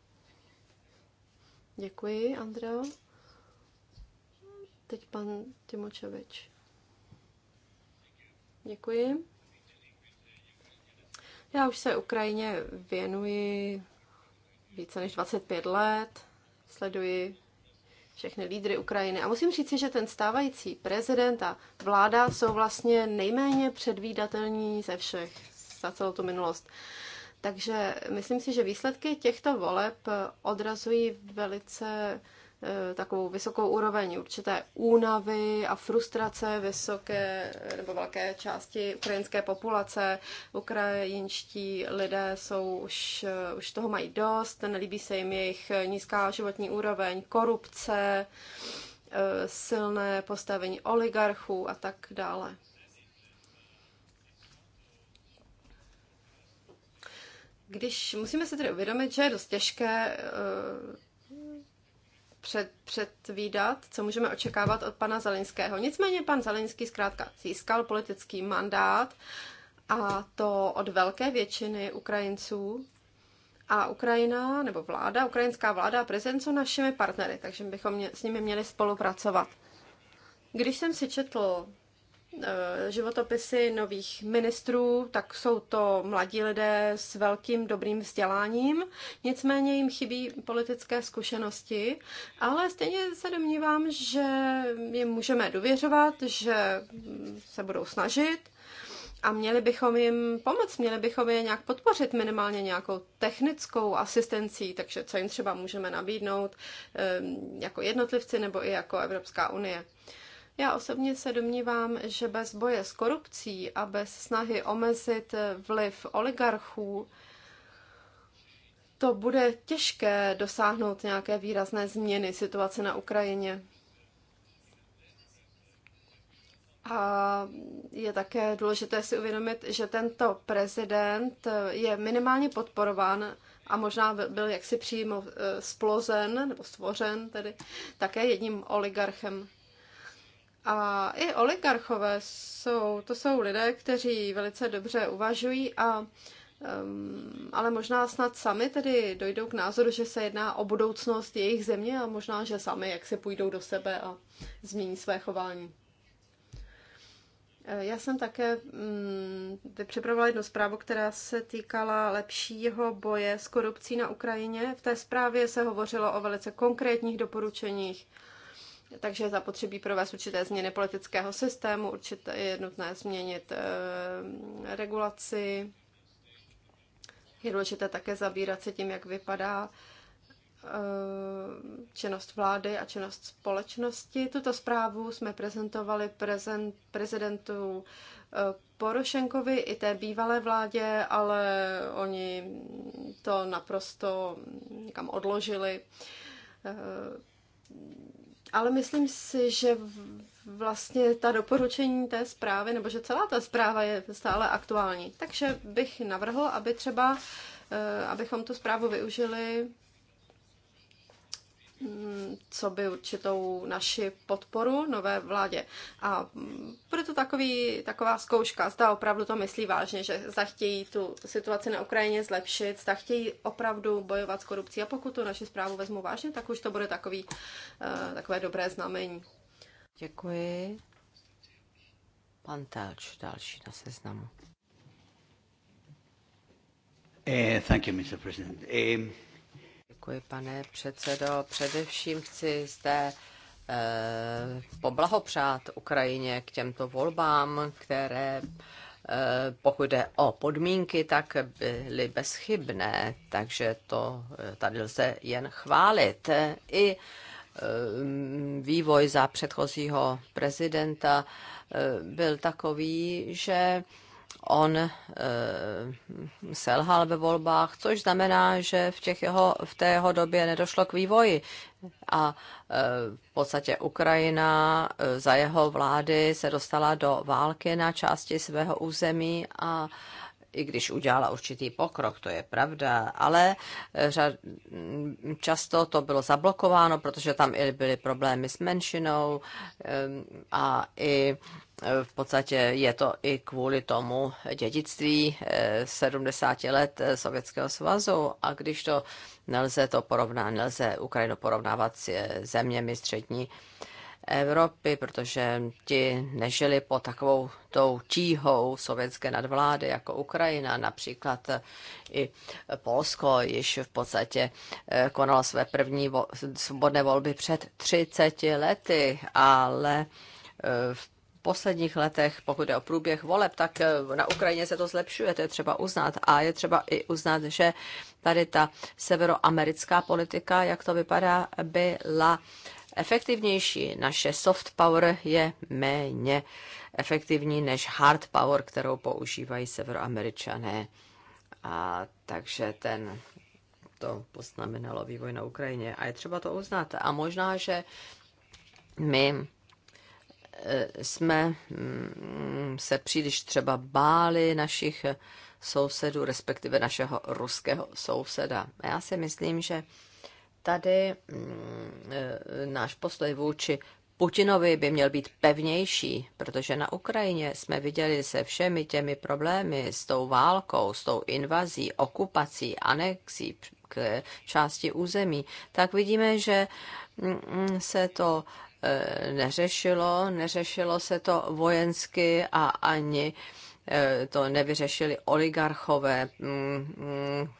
Děkuji, Andreo. Teď pan Timočevič. Děkuji. Já už se Ukrajině věnuji více než 25 let. Sleduji všechny lídry Ukrajiny. A musím říci, že ten stávající prezident a vláda jsou vlastně nejméně předvídatelní ze všech za celou tu minulost. Takže myslím si, že výsledky těchto voleb odrazují velice Eh, takovou vysokou úroveň určité únavy a frustrace vysoké nebo velké části ukrajinské populace. Ukrajinští lidé jsou už, eh, už toho mají dost, nelíbí se jim jejich nízká životní úroveň, korupce, eh, silné postavení oligarchů a tak dále. Když musíme si tedy uvědomit, že je dost těžké před, předvídat, co můžeme očekávat od pana Zelinského. Nicméně pan Zelinský zkrátka získal politický mandát a to od velké většiny Ukrajinců. A Ukrajina, nebo vláda, ukrajinská vláda a prezident jsou našimi partnery, takže bychom mě, s nimi měli spolupracovat. Když jsem si četl Eh, životopisy nových ministrů, tak jsou to mladí lidé s velkým dobrým vzděláním, nicméně jim chybí politické zkušenosti, ale stejně se domnívám, že jim můžeme důvěřovat, že se budou snažit a měli bychom jim pomoct, měli bychom je nějak podpořit minimálně nějakou technickou asistencí, takže co jim třeba můžeme nabídnout eh, jako jednotlivci nebo i jako Evropská unie. Já osobně se domnívám, že bez boje s korupcí a bez snahy omezit vliv oligarchů to bude těžké dosáhnout nějaké výrazné změny situace na Ukrajině. A je také důležité si uvědomit, že tento prezident je minimálně podporován a možná byl jaksi přímo eh, splozen nebo stvořen tedy také jedním oligarchem. A i oligarchové jsou, to jsou lidé, kteří velice dobře uvažují a Um, ale možná snad sami tedy dojdou k názoru, že se jedná o budoucnost jejich země a možná, že sami jak se půjdou do sebe a změní své chování. E, já jsem také um, připravila jednu zprávu, která se týkala lepšího boje s korupcí na Ukrajině. V té zprávě se hovořilo o velice konkrétních doporučeních takže je zapotřebí provést určité změny politického systému, určité je nutné změnit e, regulaci. Je důležité také zabírat se tím, jak vypadá e, činnost vlády a činnost společnosti. Tuto zprávu jsme prezentovali prezent, prezidentu eh, Porošenkovi i té bývalé vládě, ale oni to naprosto mm, někam odložili. E, ale myslím si, že vlastně ta doporučení té zprávy, nebo že celá ta zpráva je stále aktuální. Takže bych navrhl, aby třeba, eh, abychom tu zprávu využili Mm, co by určitou naši podporu nové vládě. A mm, bude to takový, taková zkouška, zda opravdu to myslí vážně, že zachtějí tu situaci na Ukrajině zlepšit, zda chtějí opravdu bojovat s korupcí a pokud tu naši zprávu vezmu vážně, tak už to bude takový, eh, takové dobré znamení. Děkuji. Pan Telč, další na seznamu. Eh, thank you, Mr. President. Eh... Děkuji, pane předsedo. Především chci zde eh, poblahopřát Ukrajině k těmto volbám, které eh, pokud jde o podmínky, tak byly bezchybné, takže to eh, tady lze jen chválit. I eh, vývoj za předchozího prezidenta byl takový, že on uh, selhal ve volbách, což znamená, že v, těch jeho, v té jeho době nedošlo k vývoji. A eh, v podstatě Ukrajina eh, za jeho vlády se dostala do války na části svého území a i když udělala určitý pokrok, to je pravda, ale eh, řad, mm, často to bylo zablokováno, protože tam i byly problémy s menšinou ehm, a i eh, v podstatě je to i kvůli tomu dědictví 70 eh, let Sovětského svazu a když to nelze to porovnat, nelze Ukrajinu porovnávat s zeměmi střední Evropy, protože ti nežili po takovou tou tíhou sovětské nadvlády, jako Ukrajina, například i Polsko již v podstatě eh, konalo své první svobodné volby před 30 lety, ale eh, v posledních letech, pokud je o průběh voleb, tak eh, na Ukrajině se to zlepšuje, to je třeba uznat. A je třeba i uznat, že tady ta severoamerická politika, jak to vypadá, byla efektivnější. Naše soft power je méně efektivní než hard power, kterou používají severoameričané. A takže ten to poznamenalo vývoj na Ukrajině. A je třeba to uznat. A možná, že my eh, jsme mm, se příliš třeba báli našich sousedů, respektive našeho ruského souseda. A já si myslím, že tady mm, e, náš postoj vůči Putinovi by měl být pevnější, protože na Ukrajině jsme viděli se všemi těmi problémy s tou válkou, s tou invazí, okupací, anexí k části území, tak vidíme, že mm, se to e, neřešilo, neřešilo se to vojensky a ani e, to nevyřešili oligarchové mm,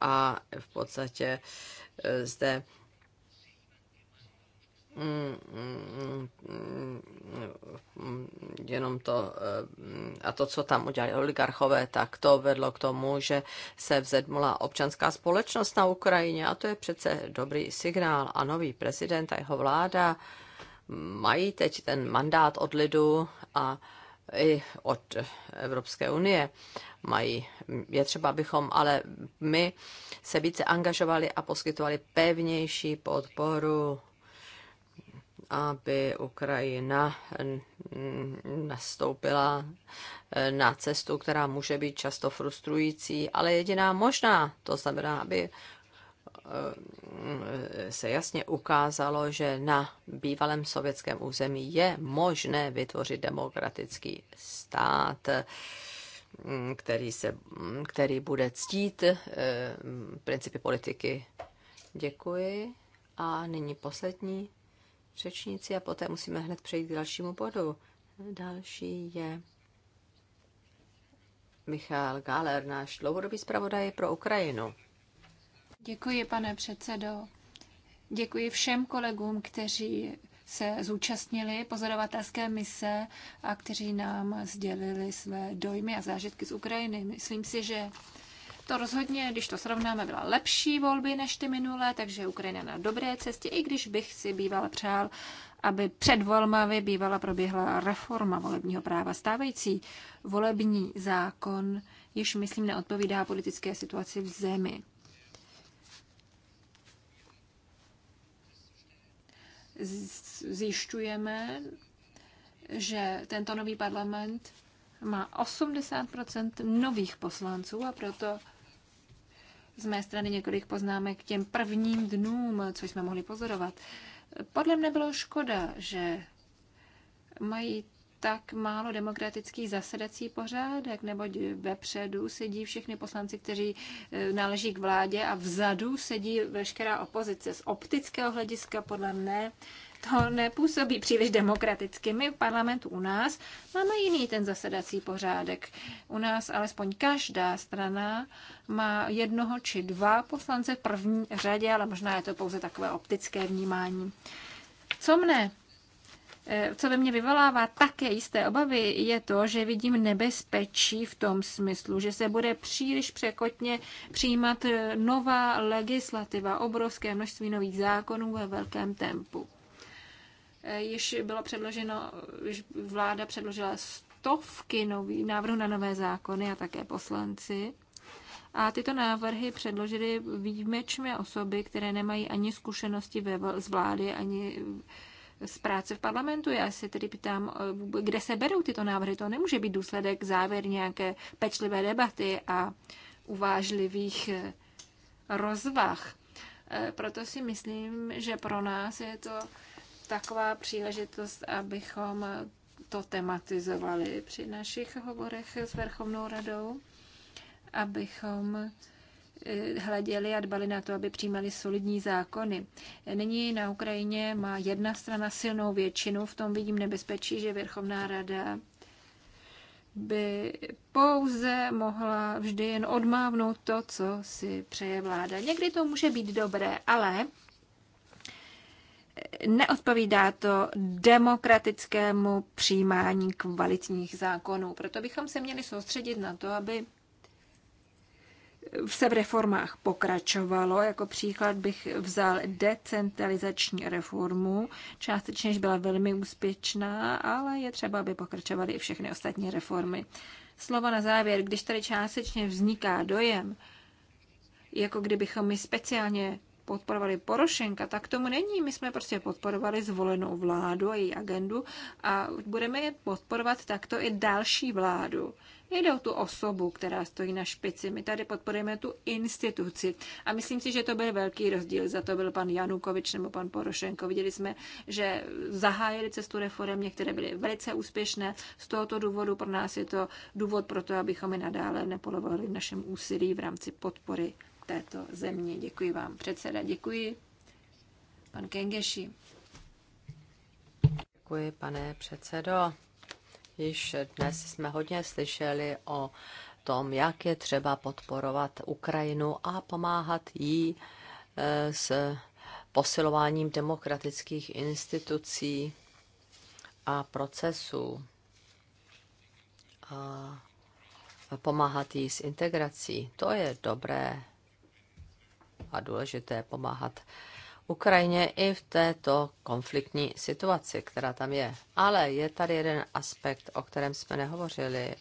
a v podstatě Eh, zde mm, mm, mm, jenom to, eh, a to, co tam udělali oligarchové, tak to vedlo k tomu, že se vzedmula občanská společnost na Ukrajině a to je přece dobrý signál. A nový prezident a jeho vláda mají teď ten mandát od lidu a i od Evropské unie mají. Je třeba, abychom ale my se více angažovali a poskytovali pevnější podporu, aby Ukrajina nastoupila na cestu, která může být často frustrující, ale jediná možná. To znamená, aby eh, se jasně ukázalo, že na bývalém sovětském území je možné vytvořit demokratický stát Mm, který, se, mm, který bude ctít eh, principy politiky. Děkuji. A nyní poslední řečníci a poté musíme hned přejít k dalšímu bodu. Další je Michal Gáler, náš dlouhodobý zpravodaj pro Ukrajinu. Děkuji, pane předsedo. Děkuji všem kolegům, kteří se zúčastnili pozorovatelské mise a kteří nám sdělili své dojmy a zážitky z Ukrajiny. Myslím si, že to rozhodně, když to srovnáme, byla lepší volby než ty minulé, takže Ukrajina na dobré cestě, i když bych si býval přál, aby před volbami bývala proběhla reforma volebního práva. Stávající volební zákon již, myslím, neodpovídá politické situaci v zemi. zjišťujeme, že tento nový parlament má 80 nových poslanců a proto z mé strany několik poznámek k těm prvním dnům, co jsme mohli pozorovat. Podle mne bylo škoda, že mají tak málo demokratický zasedací pořádek, neboť vepředu sedí všichni poslanci, kteří e, náleží k vládě a vzadu sedí veškerá opozice. Z optického hlediska podle mne to nepůsobí příliš demokraticky. My v parlamentu u nás máme jiný ten zasedací pořádek. U nás alespoň každá strana má jednoho či dva poslance v první řadě, ale možná je to pouze takové optické vnímání. Co mne Eh, co ve mně vyvolává také jisté obavy, je to, že vidím nebezpečí v tom smyslu, že se bude příliš překotně přijímat eh, nová legislativa, obrovské množství nových zákonů ve velkém tempu. Eh, již bylo předloženo, již vláda předložila stovky nových návrhů na nové zákony a také poslanci. A tyto návrhy předložili výjimečné osoby, které nemají ani zkušenosti ve, z vlády, ani z práce v parlamentu. Já se tedy ptám, eh, kde se berou tyto návrhy. To nemůže být důsledek závěr nějaké pečlivé debaty a uvážlivých eh, rozvah. Eh, proto si myslím, že pro nás je to taková příležitost, abychom to tematizovali při našich hovorech s Verchovnou radou, abychom Eh, hleděli a dbali na to, aby přijímali solidní zákony. Nyní na Ukrajině má jedna strana silnou většinu, v tom vidím nebezpečí, že Věrchovná rada by pouze mohla vždy jen odmávnout to, co si přeje vláda. Někdy to může být dobré, ale neodpovídá to demokratickému přijímání kvalitních zákonů. Proto bychom se měli soustředit na to, aby se v reformách pokračovalo. Jako příklad bych vzal decentralizační reformu. Částečně byla velmi úspěšná, ale je třeba, aby pokračovaly i všechny ostatní reformy. Slovo na závěr, když tady částečně vzniká dojem, jako kdybychom my speciálně podporovali Porošenka, tak tomu není. My jsme prostě podporovali zvolenou vládu a její agendu a budeme je podporovat takto i další vládu. Nejde o tu osobu, která stojí na špici. My tady podporujeme tu instituci. A myslím si, že to byl velký rozdíl. Za to byl pan Janukovič nebo pan Porošenko. Viděli jsme, že zahájili cestu reform, některé byly velice úspěšné. Z tohoto důvodu pro nás je to důvod pro to, abychom i nadále nepolovali v našem úsilí v rámci podpory této země. Děkuji vám, předseda. Děkuji. Pan Kengeši. Děkuji, pane předsedo. Již dnes jsme hodně slyšeli o tom, jak je třeba podporovat Ukrajinu a pomáhat jí e, s posilováním demokratických institucí a procesů a pomáhat jí s integrací. To je dobré a důležité pomáhat Ukrajině i v této konfliktní situaci, která tam je. Ale je tady jeden aspekt, o kterém jsme nehovořili.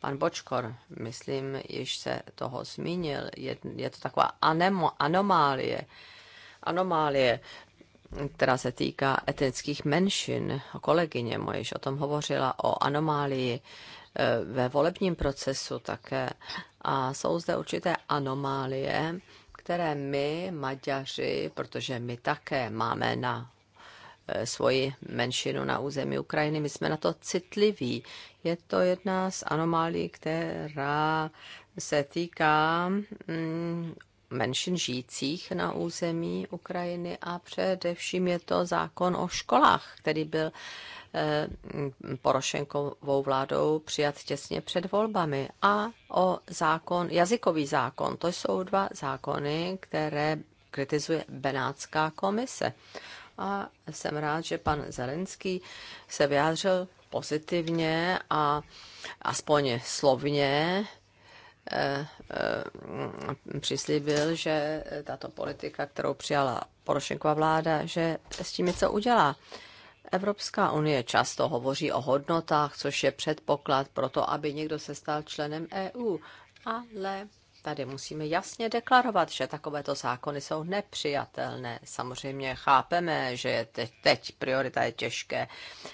Pan Bočkor, myslím, již se toho zmínil, je, je to taková anemo, anomálie, anomálie, která se týká etnických menšin. Kolegyně moje již o tom hovořila, o anomálii e, ve volebním procesu také. A jsou zde určité anomálie, které my, Maďaři, protože my také máme na e, svoji menšinu na území Ukrajiny. My jsme na to citliví. Je to jedna z anomálí, která se týká mm, menšin žijících na území Ukrajiny a především je to zákon o školách, který byl eh, Porošenkovou vládou přijat těsně před volbami a o zákon, jazykový zákon. To jsou dva zákony, které kritizuje Benátská komise. A jsem rád, že pan Zelenský se vyjádřil pozitivně a aspoň slovně Eh, eh, přislíbil, že tato politika, kterou přijala Porošenkova vláda, že s tím něco udělá. Evropská unie často hovoří o hodnotách, což je předpoklad pro to, aby někdo se stal členem EU, ale Tady musíme jasně deklarovat, že takovéto zákony jsou nepřijatelné. Samozřejmě chápeme, že je teď, teď priorita je těžké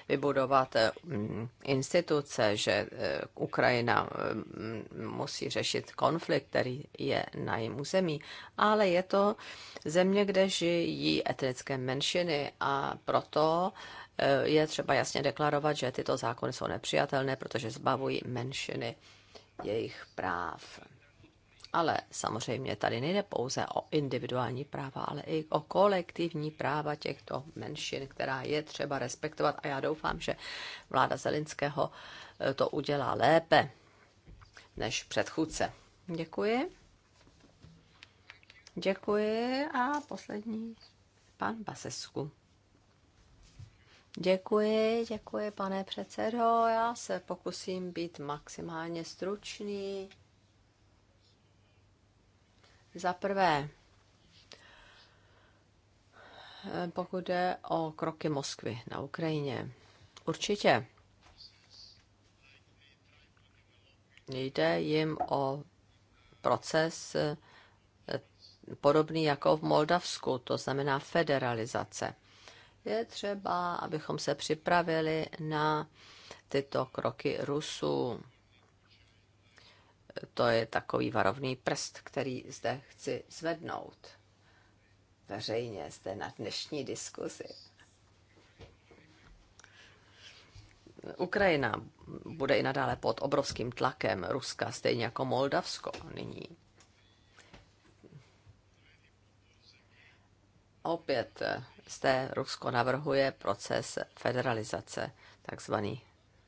vybudovat mm, instituce, že e, Ukrajina mm, musí řešit konflikt, který je na jejím území, ale je to země, kde žijí etnické menšiny a proto e, je třeba jasně deklarovat, že tyto zákony jsou nepřijatelné, protože zbavují menšiny jejich práv. Ale samozřejmě tady nejde pouze o individuální práva, ale i o kolektivní práva těchto menšin, která je třeba respektovat. A já doufám, že vláda Zelinského eh, to udělá lépe než předchůdce. Děkuji. Děkuji a poslední pan Basesku. Děkuji, děkuji, pane předsedo. Já se pokusím být maximálně stručný. Za prvé, eh, pokud jde o kroky Moskvy na Ukrajině, určitě jde jim o proces eh, podobný jako v Moldavsku, to znamená federalizace. Je třeba, abychom se připravili na tyto kroky Rusů, to je takový varovný prst, který zde chci zvednout veřejně zde na dnešní diskuzi. Ukrajina bude i nadále pod obrovským tlakem Ruska, stejně jako Moldavsko nyní. Opět zde Rusko navrhuje proces federalizace, takzvaný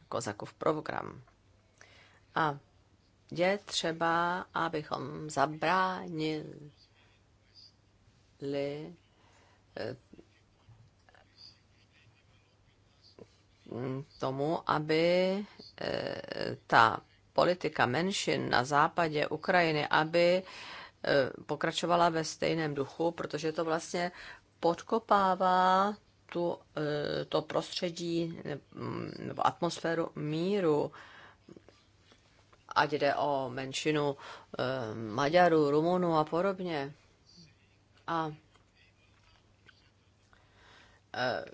Kozakův program. A je třeba, abychom zabránili eh, tomu, aby eh, ta politika menšin na západě Ukrajiny, aby eh, pokračovala ve stejném duchu, protože to vlastně podkopává tu, to prostředí mm, nebo atmosféru míru ať jde o menšinu eh, Maďarů, Rumunů a podobně. A eh,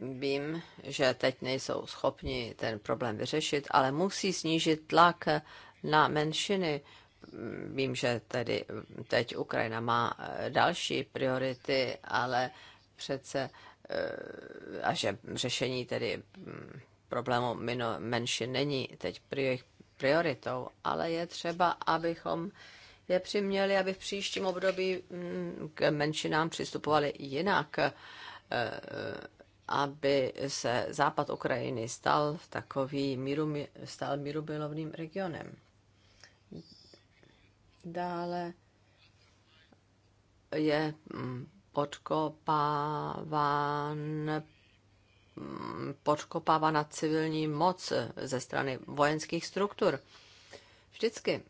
vím, že teď nejsou schopni ten problém vyřešit, ale musí snížit tlak na menšiny. Vím, že tedy teď Ukrajina má eh, další priority, ale přece a že řešení tedy mm, problému menšin není teď prioritou, ale je třeba, abychom je přiměli, aby v příštím období mm, k menšinám přistupovali jinak, eh, eh, aby se západ Ukrajiny stal takový míru, stal mírumilovným regionem. Dále je mm, podkopáván podkopávána civilní moc ze strany vojenských struktur. Vždycky.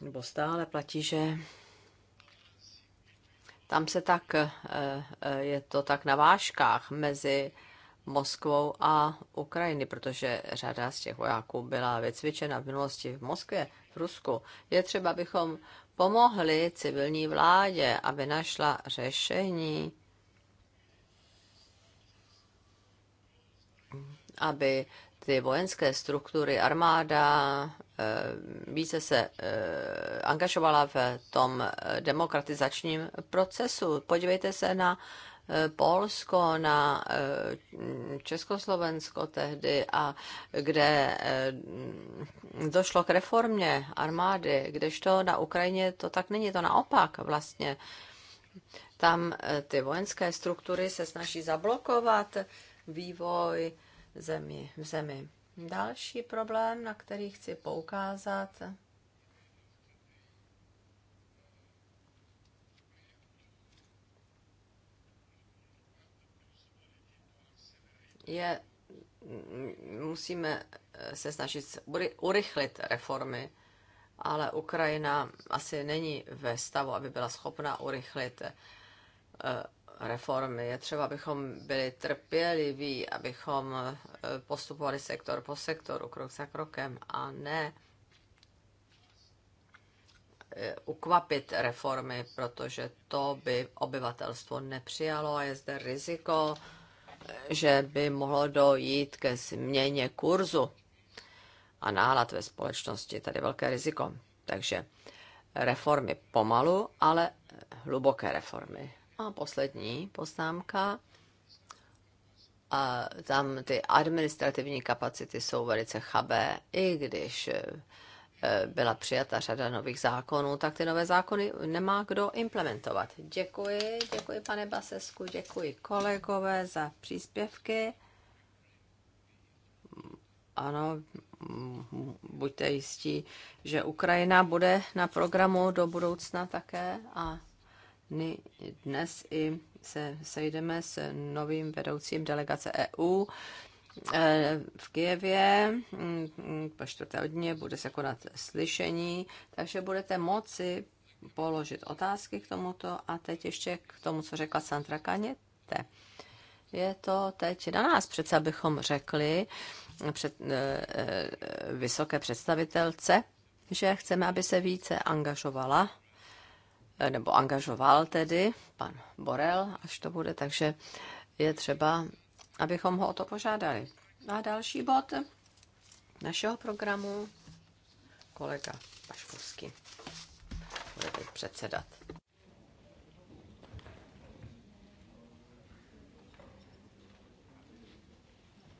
Nebo stále platí, že tam se tak, eh, eh, je to tak na vážkách mezi Moskvou a Ukrajiny, protože řada z těch vojáků byla vycvičena v minulosti v Moskvě, v Rusku. Je třeba, abychom pomohli civilní vládě, aby našla řešení, aby ty vojenské struktury, armáda eh, více se eh, angažovala v tom demokratizačním procesu. Podívejte se na Polsko, na eh, Československo tehdy a kde eh, došlo k reformě armády, kdežto na Ukrajině to tak není, to naopak vlastně. Tam eh, ty vojenské struktury se snaží zablokovat vývoj zemi, v zemi. Další problém, na který chci poukázat, je, musíme eh, se snažit urychlit reformy, ale Ukrajina asi není ve stavu, aby byla schopna urychlit eh, reformy. Je třeba, abychom byli trpěliví, abychom eh, postupovali sektor po sektoru, krok za krokem, a ne ukvapit reformy, protože to by obyvatelstvo nepřijalo a je zde riziko že by mohlo dojít ke změně kurzu a nálad ve společnosti, tady velké riziko. Takže reformy pomalu, ale hluboké reformy. A poslední poznámka. A tam ty administrativní kapacity jsou velice chabé, i když Eh, byla přijata řada nových zákonů, tak ty nové zákony nemá kdo implementovat. Děkuji, děkuji pane Basesku, děkuji kolegové za příspěvky. Ano, buďte jistí, že Ukrajina bude na programu do budoucna také a dnes i se sejdeme s novým vedoucím delegace EU Eh, v Kijevě mm, mm, po čtvrté hodině bude se konat slyšení, takže budete moci položit otázky k tomuto a teď ještě k tomu, co řekla Sandra Kaněte. Je to teď na nás přece, abychom řekli před, eh, eh, vysoké představitelce, že chceme, aby se více angažovala, nebo angažoval tedy pan Borel, až to bude, takže je třeba abychom ho o to požádali. A další bod našeho programu kolega Paškovský bude teď předsedat.